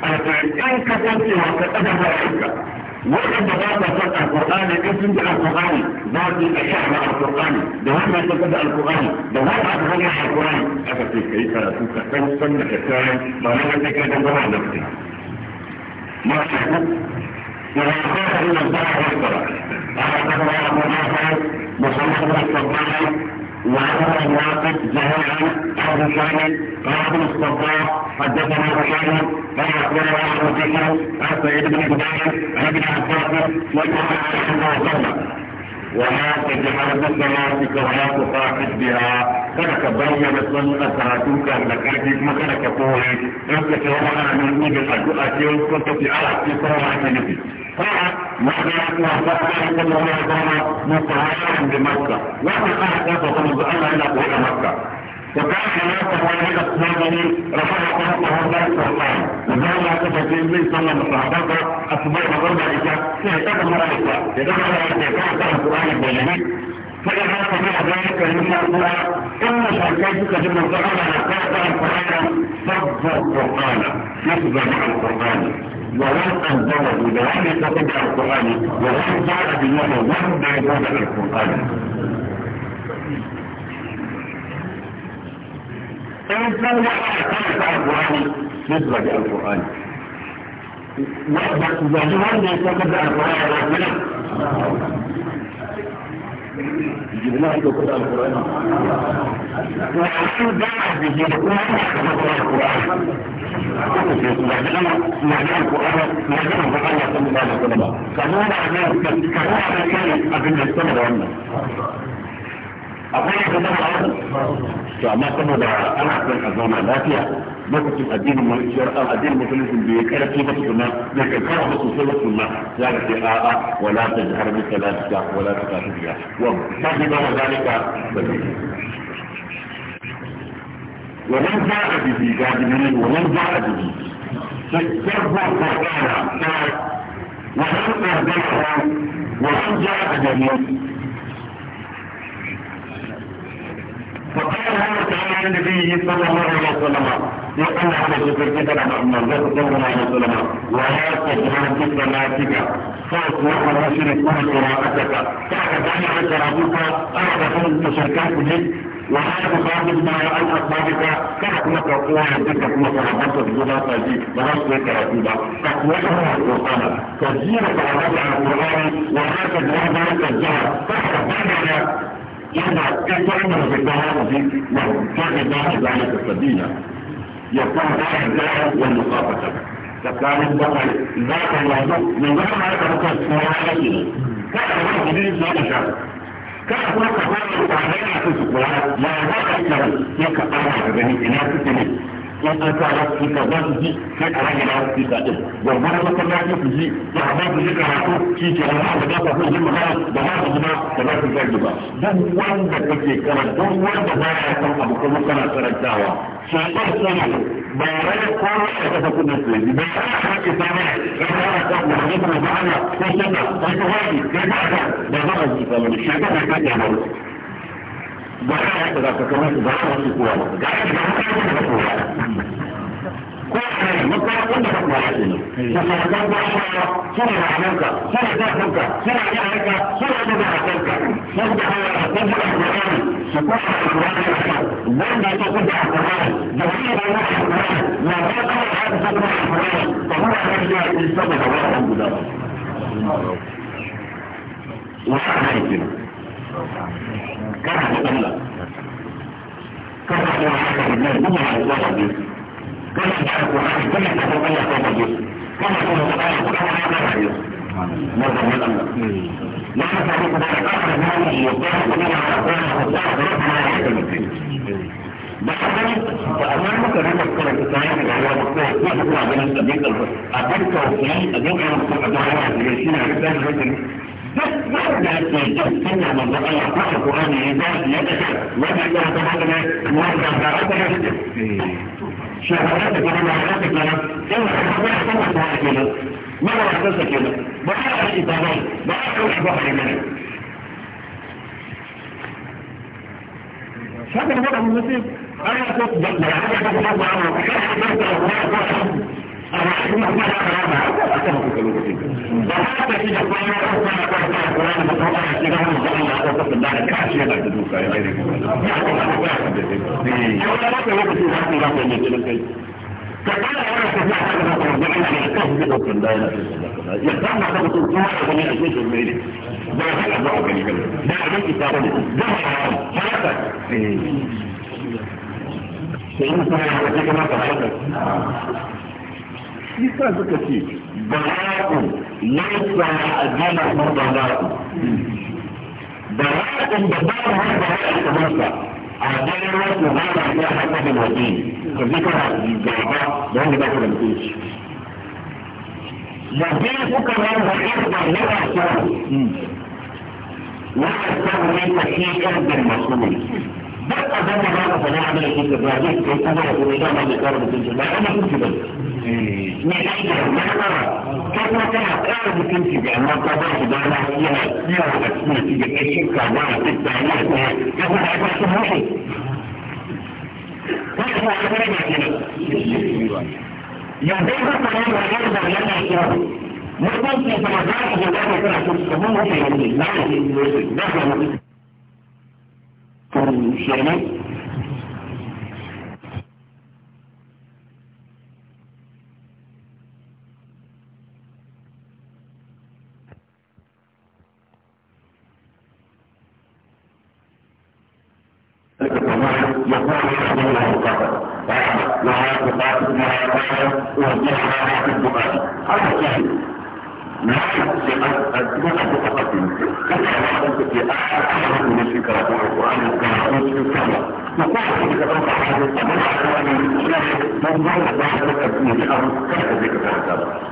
an kasancewa ka ɗaga bayanka waɗanda ba sa son alƙur'ani in sun ji alƙur'ani ba su a sha na alƙur'ani da wanda ya tafi da alƙur'ani da wanda aka hanya alƙur'ani aka ce ka yi karatu ka san san da ka kayan ba na wanda ka dan gama da kai ma shi ku ولا تخافوا من الله أكبر على تقوى الله تعالى محمد رسول الله وعندما الواقد زهير عن ابو شامل قال الصباح حدثنا بشار قال اخبرنا احمد بشر عن سعيد بن جبير عن ابن عباس وجمع عنه وسلم وما تجعل بالصلاتك ولا تخافت بها kada ka bayyana sallar karatu ka da karfi kuma kada ka kore in ka ce wani ana nuni da addu'a ce ko ka fi ala ce kuma ake nufi نحن وفقنا كل ما كان متعاون بمكة وفي قاعدة فقد الله إلى قول مكة وكان خلافه ولد الصادني رفع قوته ذات سلطان وقال لا تفكين من صلى مصاحبته أصبح مضرب إجاب سيحتاج مرأة يدخل على الزكاة القرآن البياني فإذا سمع ذلك المشاهدون إن شركتك بمن ظهر على القرآن فضوا مع القرآن ولو أنزلوا بذلك تبع القرآن ولو جاء بالله وحده يتبع القرآن إن كان يتبع القرآن يتبع القرآن وحده يعني وحده يتبع القرآن يجيب لنا حاجه القران وحسوا بقى بيجيب لنا akwai yadda da ba to amma saboda ana son a zauna lafiya lokacin addinin mulkiyar an addinin musulunci bai karfi ba tukunna bai kankara ba sosai ba tukunna ya ga sai a'a wala ta jihar bi salatika wala ta tafi biya wa tafi ba wa zalika ومن جاء به جابرين ومن جاء به فاسترضى فقال ومن أرضاه ومن جاء به فقال الله تعالى صلى الله عليه وسلم يقول هذا ذكر كده لما صلى الله عليه وسلم ولا تجعل في صلاتك صوت وحر مشركون قراءتك فكذلك شرابك أردت المشركات بك وهذا خالد ما أن أصحابك كانت لك قوة تلك كما تربطت بلا تجي ورسل كرتيبة تقوتها القرآن تجيرك على القرآن ولا تجعل ذلك الجهل فكذلك yana ƙasar da ta haɗi na kaga za a gane ta sabina ya kan za a gane wani kwafata tsakanin bakwai za ka yanzu yanzu kuma ya karɓa tsoron yake ne kada wani gidi zuwa da shafi kada kuma ka fara da yana su kula ya za ka yi ya ka fara da gani ina suke ne sai an sa wasu kika za su ji sai a rage na wasu kika din gwamnati masallaci su ji da ba su ji karatu shi ke nan ba za su ji magana da ba su ji ba da ba su ji ba duk wanda kake karanta duk wanda ba ya san abu kuma kana karantawa shekar sani ba rage kowa a kasa kudin su yanzu ba a rage sama ya fara kan da hajji kuma ba ana ko shaka ko ta wani ko ta ta da ba a ji sama da shekar da kake ba ba a yi da za ka kamar ba a wani kowa ba ga ya وحفظك سرع عليك سرع ذاتك سرع يعلك سرع مباركك نفضح تجد القرآن سطح القرآن الحسن لما تجد القرآن جميع الله القرآن لا تقع حد تقرأ القرآن فهو أرجع للسبب الله الحمد لله وحاجة كده كان هتقلق كان هتقلق كان هتقلق كان هتقلق كان هتقلق كان هتقلق kana kuma kuma kuma ana rayu na zaman Allah na ka samu kuma da kafa da nani ya fara kuma ya fara kuma ya fara kuma ya fara da kamar ba a nan muka rasa karanta ta yana da wani ko da a da da da da da da a da شهادتك يا معلوماتك يا رب ايه حضرتك حضرتك كده مره احساسك كده بحرق الاصابات بحرق البحر كده هذا الوضع المناسب انا كنت بحاجه كده معاه kuma kuma za ka rama har ba kan a shi sa suka ce bara'u laisa ajana ko bara'u bara'u da ba mu har bara'u kamar sa ajana wato ba ba ya haka da waje ka ji kana gaba da wanda ba ka da mutunci da bai kuka nan da yarda na wasa wasa ne ta shi yarda masu duk abin da ba ka sana'a da shi ka zaje kai kuma da kuma da ma da karin mutunci ba ana kuke ba كما كانت الله تعالى تكون أو كيف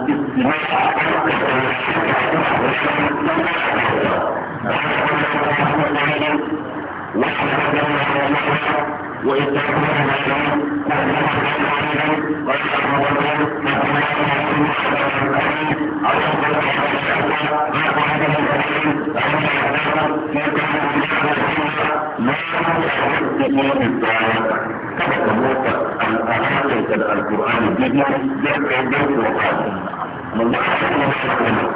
Thank you. القرآن الجديد يبقى يبقى وقال من الله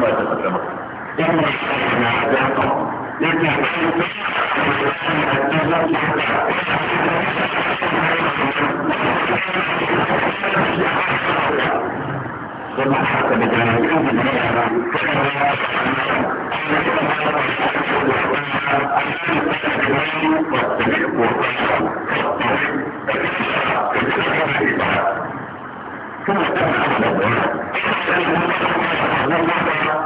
ما تتكلم إن الشيطان يعزقه لكن ثم حتى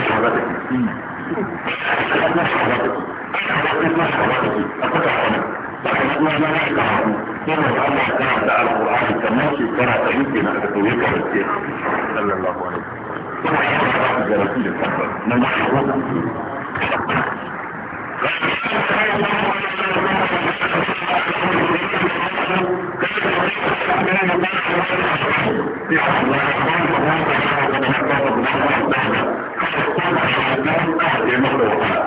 نفس حضرتك نفس حضرتك نفس حضرتك أقطع عنك لكن ما ما نحتاج ثم الله تعالى على القرآن الكماشي كان تعيد نحتويك الشيخ صلى الله عليه وسلم ثم حضرتك جلسي للحضر من حضرتك Thank you. فحدث أحد يمر وقال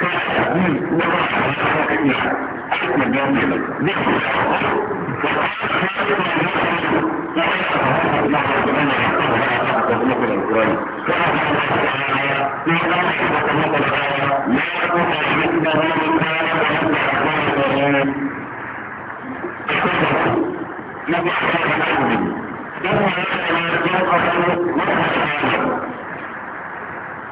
كأحدين وقال حرارك إياه أحد من دون ميلك نحن الحرارك فقال حرارك وقال حرارك الله ربنا يحفظ لها تحت مثل القرآن كما قال تعالى ما قال حفظ مثل الآية لا تطعمتنا من آية وأنت أخبار الظالمين نبي حرارك أحد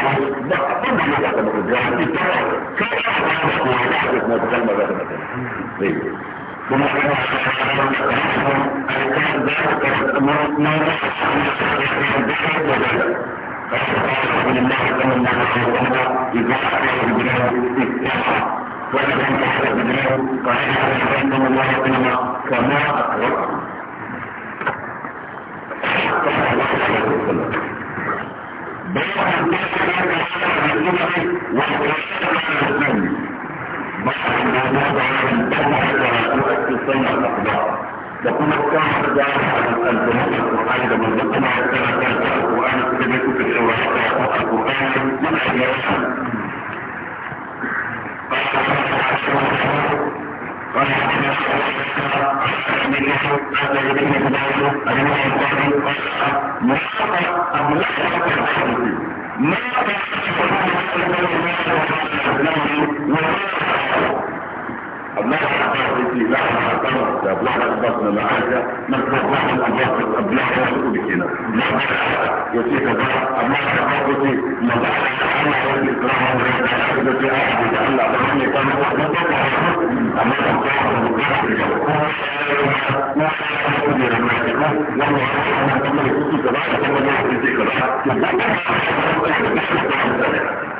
ba abin da ya ta muku da shi ta kai ya ba ku wani da kuma ta kalmar da ta kai kuma kana alƙawarin da ka kuma na da shi da da رسول الله صلى الله عليه وسلم إذا أتى البلاد اتسع وإذا انتهت البلاد قال صلى الله عليه وسلم كما أقرأ لكن كان جاء الجمهور القرآن لما ذكرنا كما كان القرآن كما كتب الشورى القرآن من أجل قال حدثنا الشيخ قال حدثنا ابن داود عن ابن القاسم قال مصطفى ابو بكر الحديث ما قال الله يعطيك لحظة قمر بلحظة بطن العادة نفس لحظة أباطل بلحظة أبكينا لحظة يسيك ذا الله يعطيك مضاعة الله والإكرام والإكرام في أحد يتعلى برمي كان مطلقة أما تبقى مضاعة والله يعطيك ذا يسيك ذا يسيك ذا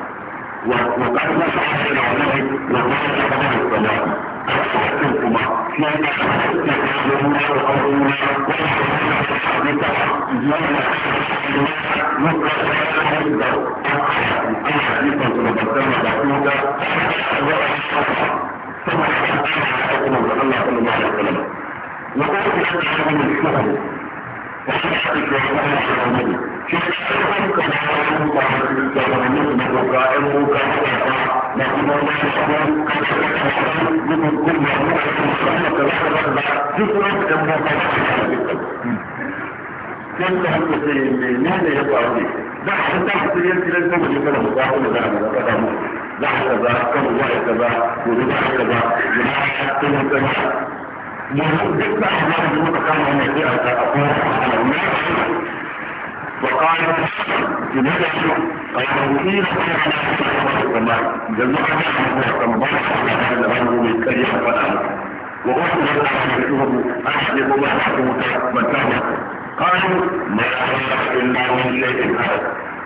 وقد نصح في العلم وقال لهم السلام أشعرتكما فيما تتعلمون وقولون وقولون حديثا يوم وقالت لك أنه من الشهر كنت هناك في مهنة يبقى فيه ده حتى تسير كده انت اللي كده مصاحب ولا ده كده مصاحب لحظة بقى كم وقت بقى وربع كده بقى جماعة كده وقال لماذا قال وكيل الله جمع الله بالكريم والامر وقال الله احد الله حكمك من قالوا ما اردت الا من شيء هذا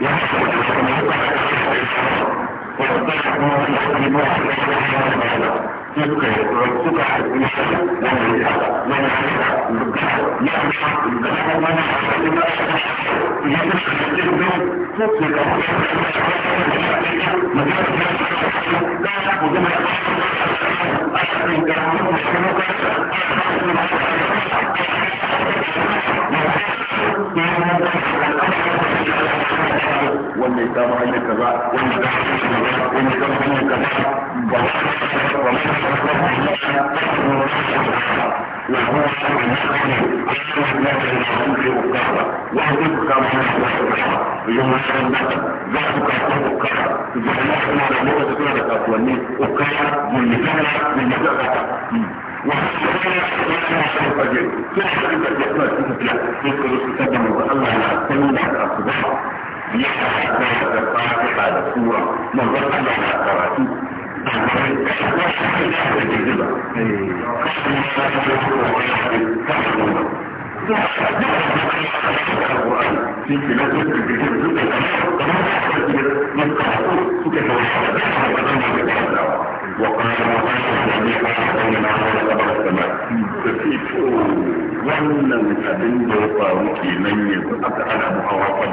يحصل suka suka harbi shara wani ya wani ya rubuta ya rubuta da kuma wani ya rubuta ya rubuta da kuma ko ke da wani ya rubuta magana da da ko da mai a cikin da mu shi mu ka wanda ya samu hanyar kaza wanda ya samu hanyar kaza wanda ya samu hanyar kaza ba وهو الشرع المستقيم الشرع الذي يستنفر الكفر يهديك كما يهديك الكفر يوم الشرع ذاتك تبقى جعلتنا لمدة سورة أطولين وكان من مكانها من مكانها وحسنا لنا شرف جيد كيف تبقى تبقى تبقى تذكر الكتاب من الله لا تنمى الأصبح يحرق الفاتحة للسورة من ذلك الله وقال وقال الذي أعطى ما wannan abin da ya faru kenan yanzu aka ana muhawarar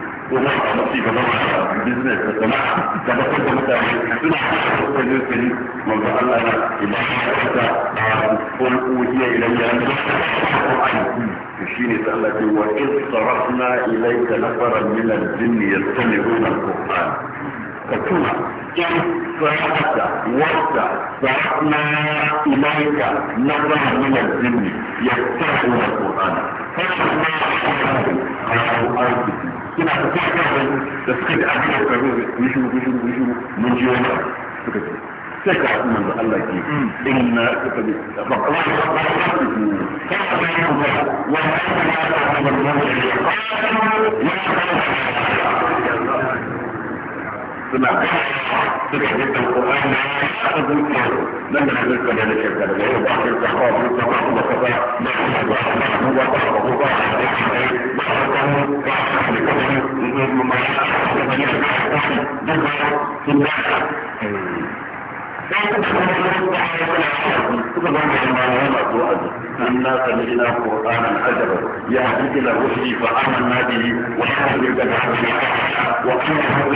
وزي ما عملتي جماعة بزنس وصناعة تبقى متعمل سنة وكذلك من قال أنا إذا حدث بعد الصلح وهي إلي أن تشيني سألك وإذ صرفنا إليك نفرا من الجن يستمعون القرآن كتوح إن فرحك وقت فرحنا إليك نظرا من الذل يستحق القرآن فرحنا على الأرض كنا تتحكى تسكيل أبيه كبير يشو يشو يشو من جوانا sai ka haɗu manzo Allah ke in na suka bi wani suna suka yi da Qur'ani a zuciya nan da nan da da shirka da yau ba shirka ba shirka ba kuma kaza ba shirka ba ba mu ba ba ko ba da shi ne ba ka kan ba ka ne ko ne mu ma ya ka ne da ka sun ba إنا سمعنا قرآنا عجبا يهدي إلى الرشد فآمنا به ونحن بالبدعة وقيل هذا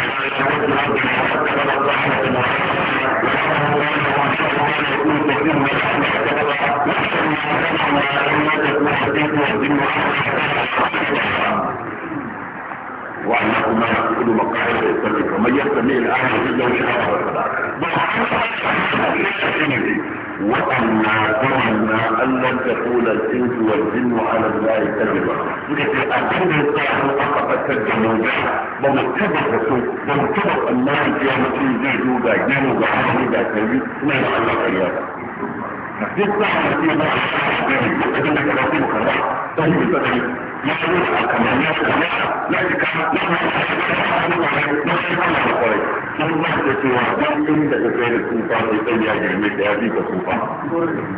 الشيء وانكما يقول مقاعد الاسلام كما يستمع الاهل الا وشهاده وأنا ظننا أن لن تقول الإنس والجن على الله كذبا. لكن أبدا الطاعة فقط تجمع بمتبع الرسول بمتبع الله في يوم الدين جودا جنوب عربي ذاكري لا يعلق إياه. duk ba a yi ba da duk da kan da kan da kan da yi da yi na yi da kamar na da na na ji ka na na da kan da kan na shi kan da kai sun ba ta cewa dan inda ka kai da tufa sai sai ya girme da ya bi ka tufa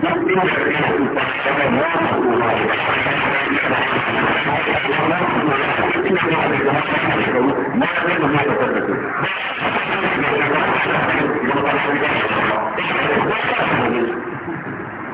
dan inda ka kai da tufa kana na ka tufa ina da da da ka na da da ka ta da kai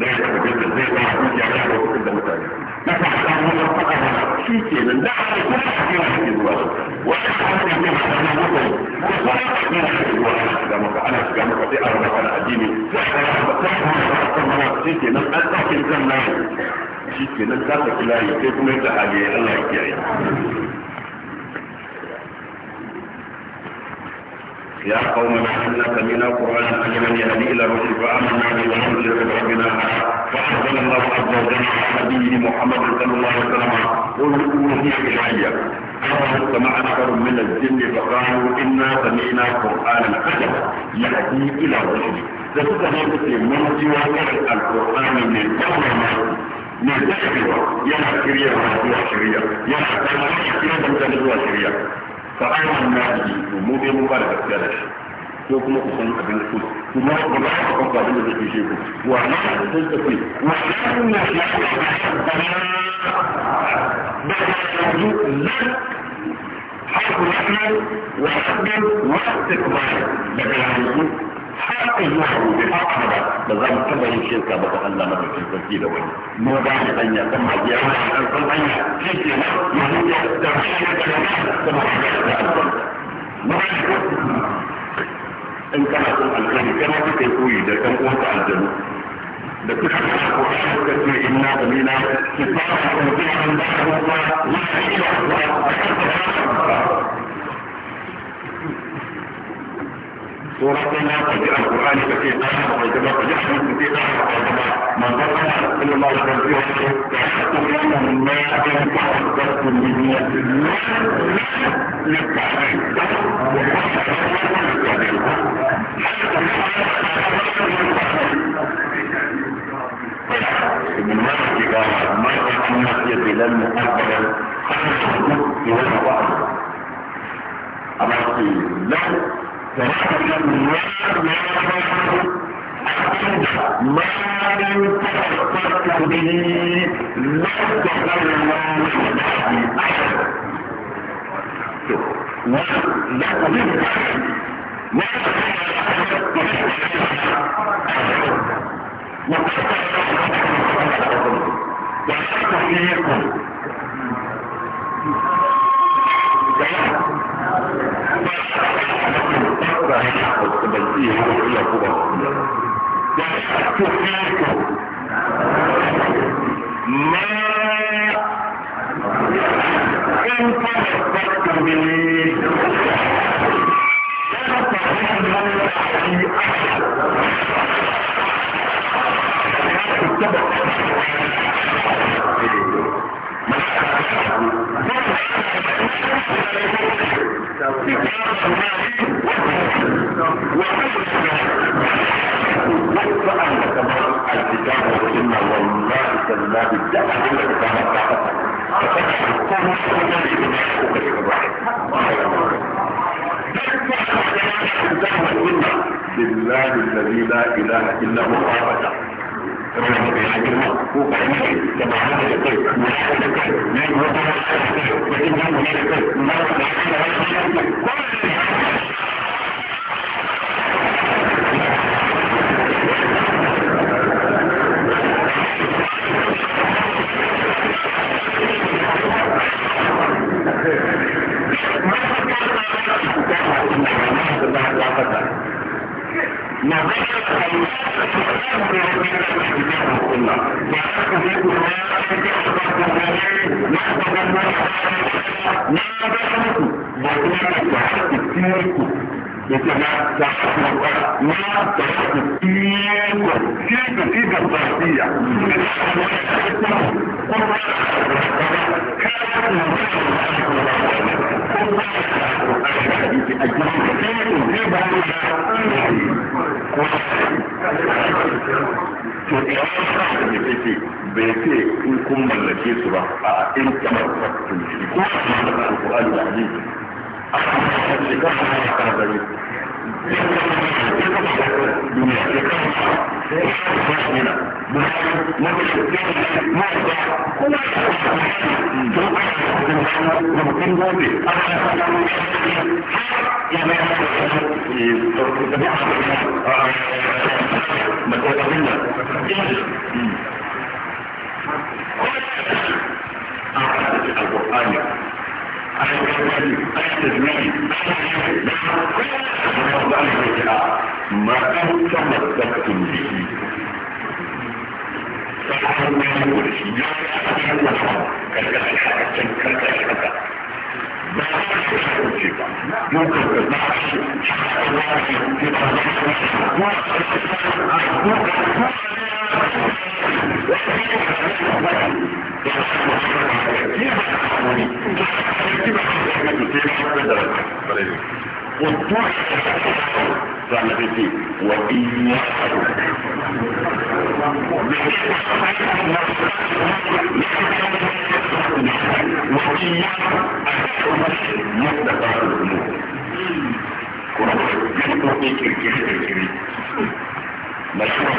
zai da zai ba dukiya ya ga kudin da mutane ta shi ke a ka kuma ke ko kuma sai addini sai ka ba ta kuma ka kuma shi ke nan layi shi da hali Allah ya kiyaye يا قومنا إنا سمينا قرآنا عجبا يهدي إلى الرشد فآمنا به ونحن نشرك بربنا الله عز وجل على نبيه محمد صلى الله عليه وسلم قل أوحي إلي أنه سمع نفر من الجن فقالوا إنا سمعنا قرآنا اجل يهدي إلى الرشد فسوف نقول من سوى القرآن من قبل من daɗewa يا shirya يا shirya يا kama يا shirya يا shirya fa'amun na ji mu dai mun ba da gaskiya da shi ko kuma ku san abin da ku kuma ku ba ku kan abin da zai shi ku wa na da sun tafi wa na ya ku da da yanzu zan حرف الأحمر وحد واستكبار لكن هذا حتى يشعروا بحق هذا لذلك كما يشرك بك الله ما في التوحيد وين مو بعد ان يتم زياره الارض ان شرك ما هي ترشيد كما in kana son alkhairi kana so kai koyi da kan uwanka aljanu da kuka kana ko shi ka ce inna amina ki fara ko kuma an da ko ba la ilaha illa allah وربنا قد جاء القران ففي قال وكما قد جاء كثير قال وكما ما ذكر صلى الله عليه وسلم تعلم ما كان تعبدت من من مرة إدارة مرة أمسية بلال مؤبرا خمسة في وجه واحد أمسي له ولكن ما يتحقق به لا تقل الله لا تقل ما وقد تقل الله deixar por tempo. Mas, em que respeito إلا هو عبدا رحمة يا جماعة هو قائمين لما عمل يقول ما يقول يقول ما يقول يقول ما يقول يقول ما يقول يقول ما يقول يقول ممكن نقول القرآن ما أن تمسكتم به فحرموا الشيء وإياك أن تكون مصدقا kuɗi kirkiri kirkiri مشروع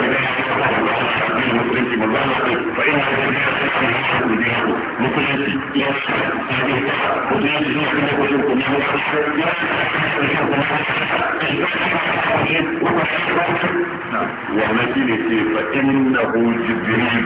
فإنه جبريل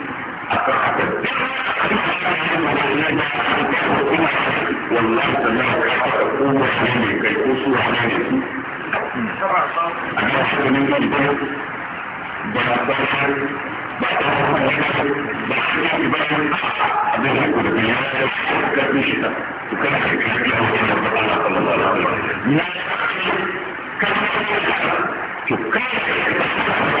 والله سمعت حتى قوة حناني كي قصوا حناني أنا أحب من ذلك بنصر Thank you.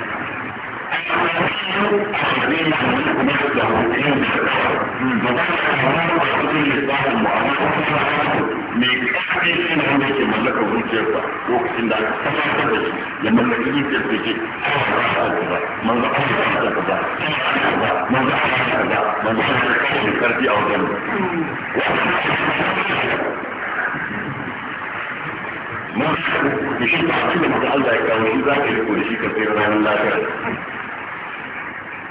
lokacin da aka tabbatar da shi ya mallaki da ke kawo kaza manzo Allah Allah a wajen da Allah ya kawo shi za ka yi ko shi ka tsira ranar lafiya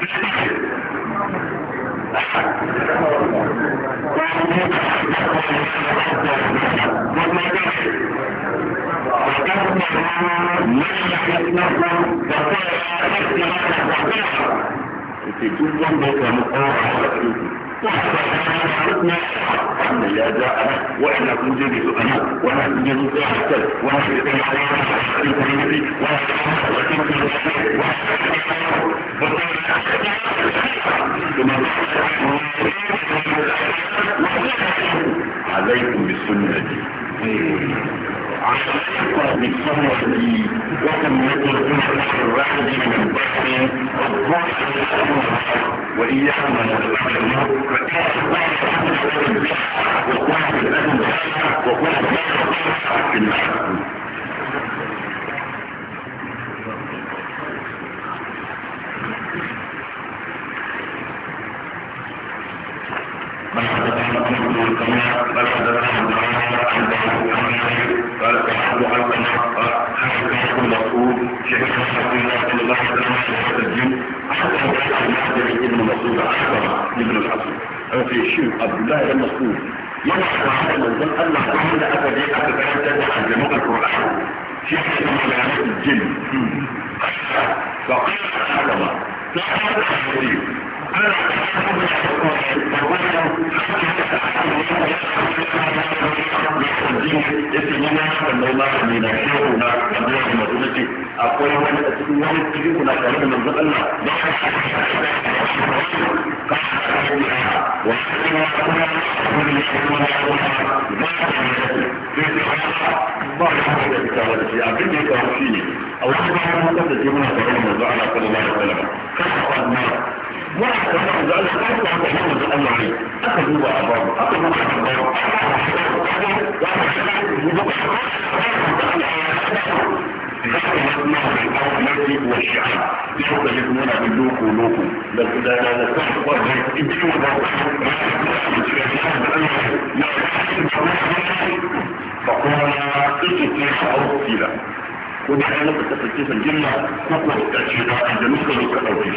Itu pun dia kamu orang لا جاء واحنا كنجد سؤالنا وانا كنجد سؤالنا وانا كنجد سؤالنا وانا كنجد سؤالنا عليكم بالسنة عشان بيتصرف في وكم يكون في الواحد من البحرين وإياهم من العلماء فكان الله سبحانه وتعالى وكان في الأدب وكان في الأدب في الأدب من حدثنا مسلم بن سماع قال حدثنا عبد الرحمن عن داوود عن قال سمعت عن قال حدثنا ابن مسعود شهد رسول الله صلى الله عليه وسلم شهادة الجن حدثنا المعدل ابن مسعود احضر ابن الحسن او في شيخ عبد الله بن مسعود yana kwanar manzon Allah da wanda aka je aka karantar da aljanu al-Qur'an shi ne kuma da jin fa qala hadama fa qala hadama akwai wani a cikin wani cikin kuna tare da manzon Allah da ka wa kuma kuma ba ka da kita wani shi abin da ya kawo shi ne a wani ba ka da ke muna tare da manzon Allah sallallahu alaihi wasallam ولا كمان قال لك انت محمد قال عليه اخذ هو ابوه اخذ هو ابوه والشعب يحب يكونون باللوك ولوك بل إذا لا نستحق وجهك إبسوا فقال إتكيح أو قتيلة وده أنا بتفكيس الجنة كوكو التأشيرات الجنوكة لك أو جيش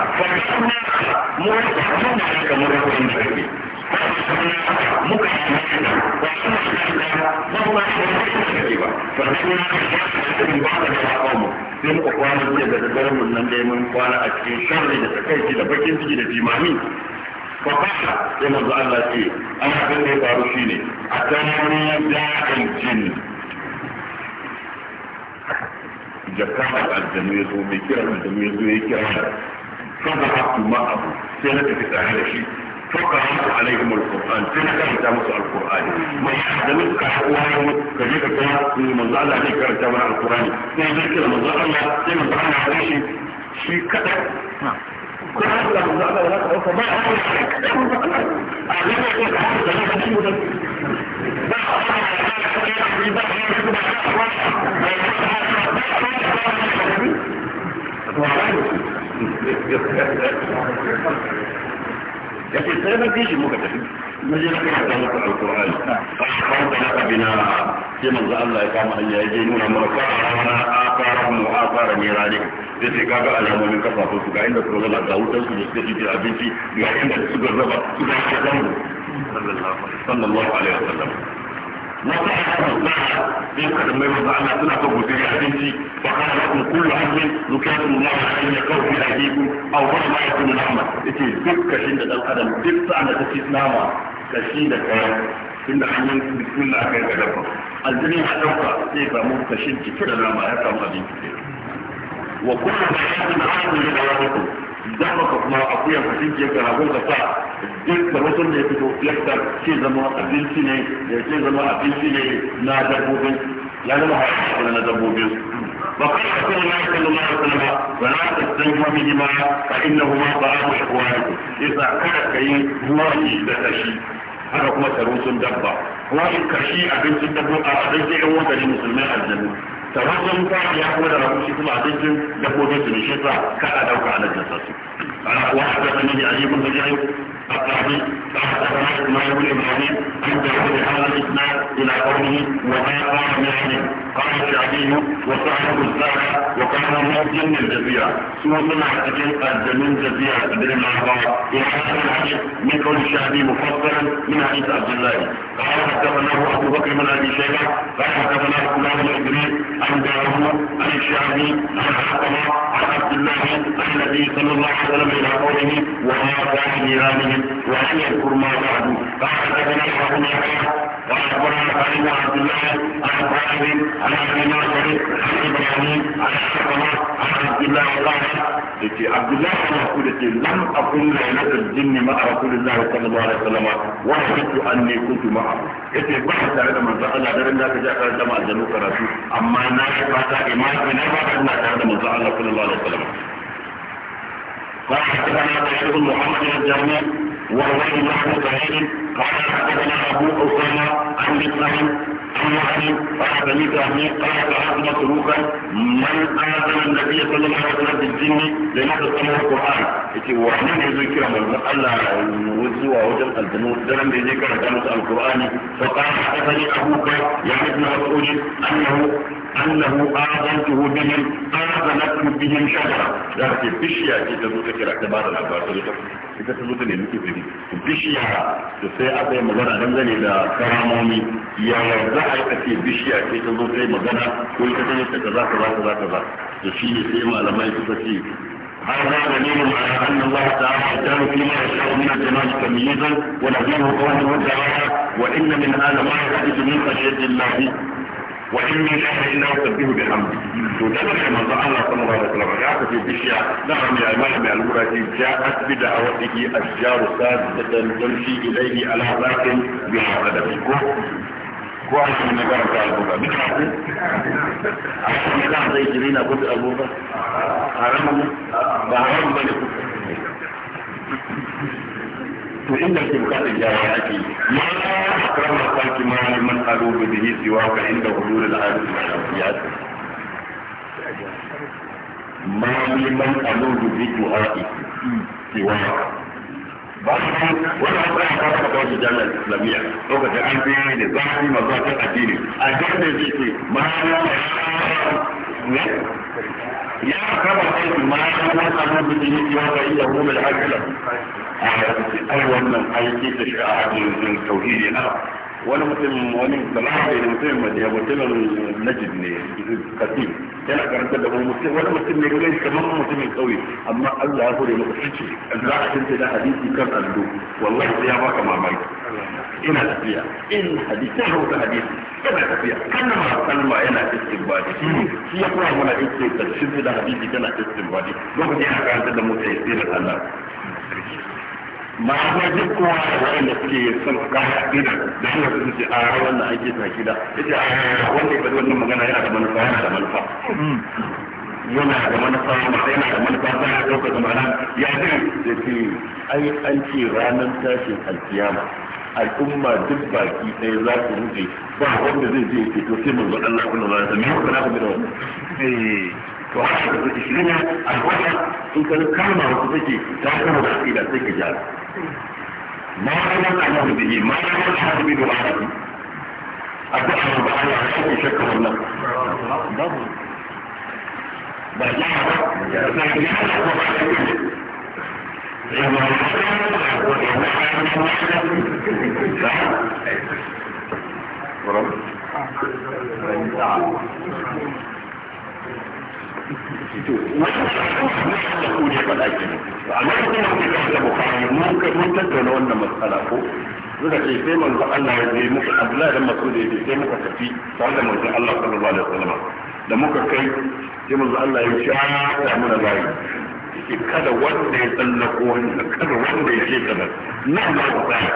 فالسنة مرتبة من ذلك مرتبة من muka yi da wasu da ba ba shi da shi ba ba shi ne da ba da ba mu sai muka kwana jiya da daren mun nan dai mun kwana a cikin sharri da takaici da bakin ciki da jimami fa fasha sai manzo Allah ce an da ya faru shine a tsanin da'in jin jakka aljanu ya zo mai kira aljanu ya zo ya kira فذهبت معه سنة تتعالى فقرأت عليهم القرآن سنة كانت القرآن ما يحدث كحوار كذلك كان من ظل عليه كانت القرآن سيذكر من ظل الله سيمن ظل عليه شيء كتب Thank نعم. you. ya ce kishi muka tafi na je na muka alkur'ani a shafan da naka bina sai manzo Allah ya kama hanya ya je nuna mana fara a afara mu afara ne rani sai sai kaga alamomin kafafun su ga inda kuma zama ga wutar su da suke ci abinci ga inda sallallahu alaihi wasallam wata ayyukan da sai suka tambayi manzo Allah suna son ku sai abinci fa kana lakum kullu amrin yukatu Allah an yakau fi ajikum aw wa ma yakunu lahma yace duk kashin da dan adam duk sa'an da kace nama kashi da kaya tunda an yi bismillah kai ga dabba aljini ya dauka sai samu kashin cike da nama ya samu abinci wa kullu shay'in hadirun wa yakum dama ka kuma akuyan ka tinke ka rago ka sa duk da wasu da ya fito yadda ke zama abinci ne ya ke zama abinci ne na dabbobin ya zama haƙiƙa na dabbobin وقال رسول الله صلى الله عليه وسلم ولا تستنجوا بهما فانهما طعام اخوانكم اذا كان كي مواشي دتشي haka kuma tsaron sun dabba kuma kashi abincin dabba a abincin yan wanda ne musulmai aljanna ta wajen ya kuma da rabu shi kuma abincin dabbobin su ne shi sa kada dauka a nan jasarsu. Ana kuwa a kasar ne a yi kun قال الشعبي وصاحب الساعه وكان من الجزيره سوى صنع تكن الجنين جزيره بن العراق الى هذا الحديث من الشعبي مفصلا من حديث عبد الله قال حدثناه ابو بكر بن ابي شيبه قال حدثنا فلان بن ادريس عن الشعبي عن عبد الله عن النبي صلى الله عليه وسلم الى قوله وما كان من وأن يذكر ما بعد قال حدثنا ابو قال اخبرنا خالد بن عبد الله عن خالد عن ابي ناصر عن ابراهيم عن حكمه عن عبد الله قال لكي عبد الله بن مسعود لم اكن ليله الجن مع رسول الله صلى الله عليه وسلم وحدثت اني كنت معه يتي بعد تعالى من ذا الله درن ذاك جاء قال جماعه الجنو كراتو اما انا فاتا امام بن ابي تعالى من ذا صلى الله عليه وسلم قال حدثنا بشير محمد الجرمي وويل عن سعيد قال حدثنا ابو اسامه عن مصنع عن وحي قال سميت ابي قال قرات مسروقا من اذن النبي صلى الله عليه وسلم بالجن لنحو سمع القران يجي وحنا يذكر من الله وزوا وجن الجنود دلم يذكر كلمه القران فقال حدثني ابوك يا ابن مسعود انه أنه آذنته بهم آذنته بهم شجرة ذلك بشيا كي تزوج كرا كبار الأبار إذا تزوج نمكي بهم بشيا sai aka yi magana dangane da karamomi yaya za a yi ake bishiya ce ta zo sai magana ko ita ta yadda kaza kaza kaza kaza to shi ne sai malamai suka ce هذا دليل على ان الله تعالى يجعل فيما يشاء من الجمال تمييزا ونبيه قوله تعالى وان من ال ما يخرج من خشيه الله وإني أنا إلا أسبه بحمد تدرك من ذا الله صلى الله عليه وسلم جاءت في بشيا نعم يا إمام المراتي جاءت بدعوته أشجار سادة تمشي إليه على ذات بها أدب كويس من نجار بتاع البوبا بتعرفوا عشان كده زي جرينا كنت البوبا حرام ده حرام to inda ke bukatar gyara ake ma ta akrama sarki ma ni man alubu bihi siwa ka inda hudur al da al-afiyat ma man siwa ba su jami'ar islamiyya lokacin an fi za a yi addini a jami'ar zai ce ma يا كما قلت ما يكون أن بدين يوضعي يوم العجلة أيوة من حيث تشاء عدل من توحيدنا wani mutum wani balarabe ne mutumin madina mutumin najib ne kasim yana karanta da wani mutum wani mutum ne gani kamar mutumin kauye amma Allah ya hore maka fice za a tunce da hadisi kan allo wallahi sai ya baka mamaki ina tafiya in hadisi ya wuce hadisi ina tafiya kana ma kalma yana istinbadi shi ya kuma mana istinbadi shi da hadisi kana istinbadi lokacin ya karanta da mutum ya tsira Allah ba a kuma duk kowa da waɗanda suke son kaya ɗina da shi su ce a wannan an ke taki da ita a ah, wanda ya wannan magana yana da manufa yana da manufa yana da manufa yana da manufa za a ɗauka da mana ya ce da ce ai an ce ranar tashin alkiyama al'umma duk baki ɗaya za su rufe ba wanda zai je ke to sai Allah za da wannan eh. to haka da kuɗi shi ne a wata in ka kama wasu take ta kama da aƙida sai ka gyara ma ranar da Allah da yi ma ranar da Allah da yi arabi addu'a ma ba Allah ya ke shakka wannan babu ba ya ba ya ba ya ba ko ba ya ba ya ba ya ba ya ba ya to wannan ne faɗa a da mun kai mun ko suka ce sai manzo Allah ya je muka Abdullahi dan Mas'ud ya ce sai muka tafi tare da manzo Allah sallallahu alaihi wasallam da muka kai sai manzo Allah ya sha ya muna layi yake kada wanda ya tsallako wanda kada wanda ya sheka da nan ba ku tsaya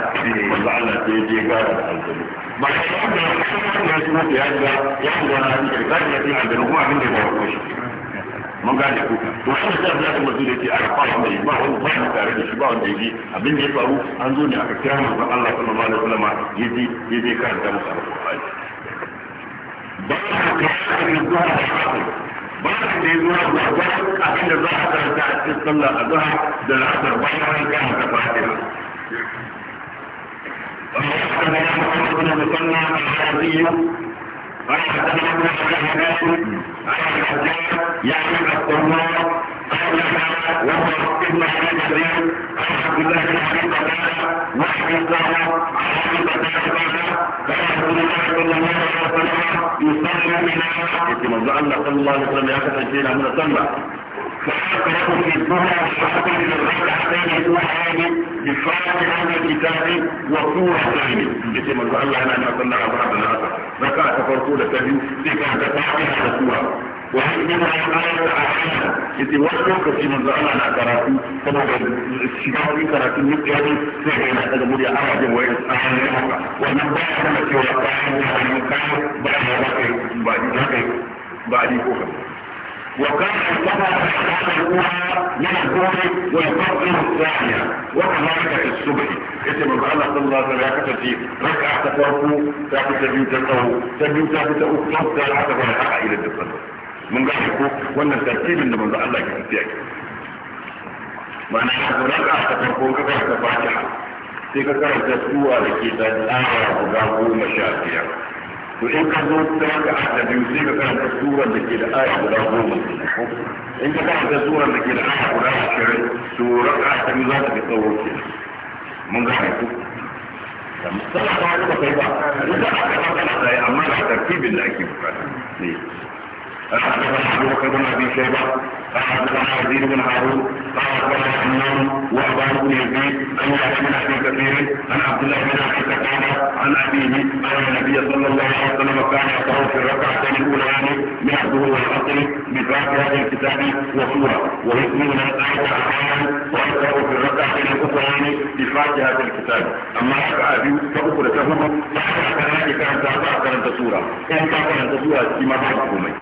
manzo Allah ya je gara da aljanna ba shi wanda ya shi ya ga ya ga na cikin gari ya cikin aljanna kuma abin da ya ba ku shi mun gane ku to shi da za ta mutu da ke aka fara mai ba wani ba da tare da shi ba wanda yaji abin da ya faru an zo ne aka kira manzon Allah sallallahu alaihi wasallam yaji yaji karanta masa alqur'ani ba ka kira zuwa ba ka da zuwa ba ba abin da za ka karanta a cikin sallar azhar da la'asar bayan ka ka fatiha وقد يقول ابن مسلم الحربي قال حدثنا ابن حدثنا قال حدثنا يعني الطلاب قال وهو ابن ابي جرير قال عبد الله بن ابي قتاده وحي الله عن ابي قتاده قال رسول الله صلى الله عليه وسلم يصلي بنا يقول الله صلى الله عليه وسلم يا كفر الدين من الصلاه وحتى لكم في الدنيا وحتى من الرد عقين هو حاجة بفرق هذا الكتاب وقوة ثانية يتم أن الله أنا أن أصلى على بعض الأثر ذكاء تفرقوا لتبيو ذكاء تفاقي على سورة وهل من الآية أحيانا يتوقع كثير من ذلك أنا كراتي طبعا الشباب في كراتي مجالي سيحينا تقول يا أراد وإن أحيانا يحقا ونبقى أنا في وقعين وعنكار بعد ذلك بعد ذلك بعد ذلك وكان لها الاحلام الاولى من الظهر ويقدم الثانيه وكذلك في الصبح اسم الله صلى الله عليه وسلم في ركعه تفرقوا تاكل تبين تلقوا تبين تاكل تاكل تاكل ركعه ساعه الدخل من قال ساعه وانا ساعه ان من الله ساعه معنى ساعه تفرقوا ساعه فاتحه ساعه ka ساعه suwa ساعه ke da tsara وإن كان نوت تاكا حتى بيوزيبا كانت الزورة لك إلى آية ولا إنت كانت الزورة لك إلى آية ولا أخرى سورة حتى آية بيوزيبا كانت الزورة لك إلى من ذا حيثو لما صلح ما يبقى طيبا إذا حتى ما كان حتى يأمال حتى كيب إلا أكيب كانت أحدثنا أبو بكر بن أبي شيبة أحدثنا يزيد بن هارون قال أخبرنا حمام وأبان بن يزيد أن يحيى بن أبي كثير عن عبد الله بن أبي كثير عن أبيه أن النبي صلى الله عليه وسلم كان يقرأ في الركعتين الأوليان بحضه والعصر بفاتحة الكتاب وسورة ويسمعون الآية أحيانا ويقرأ في الركعتين الأخريان بفاتحة الكتاب أما ركعة أبي فأخرى تهم فأخرى كذلك أن تعطى كرنت سورة إن تعطى كرنت سورة كما تعطى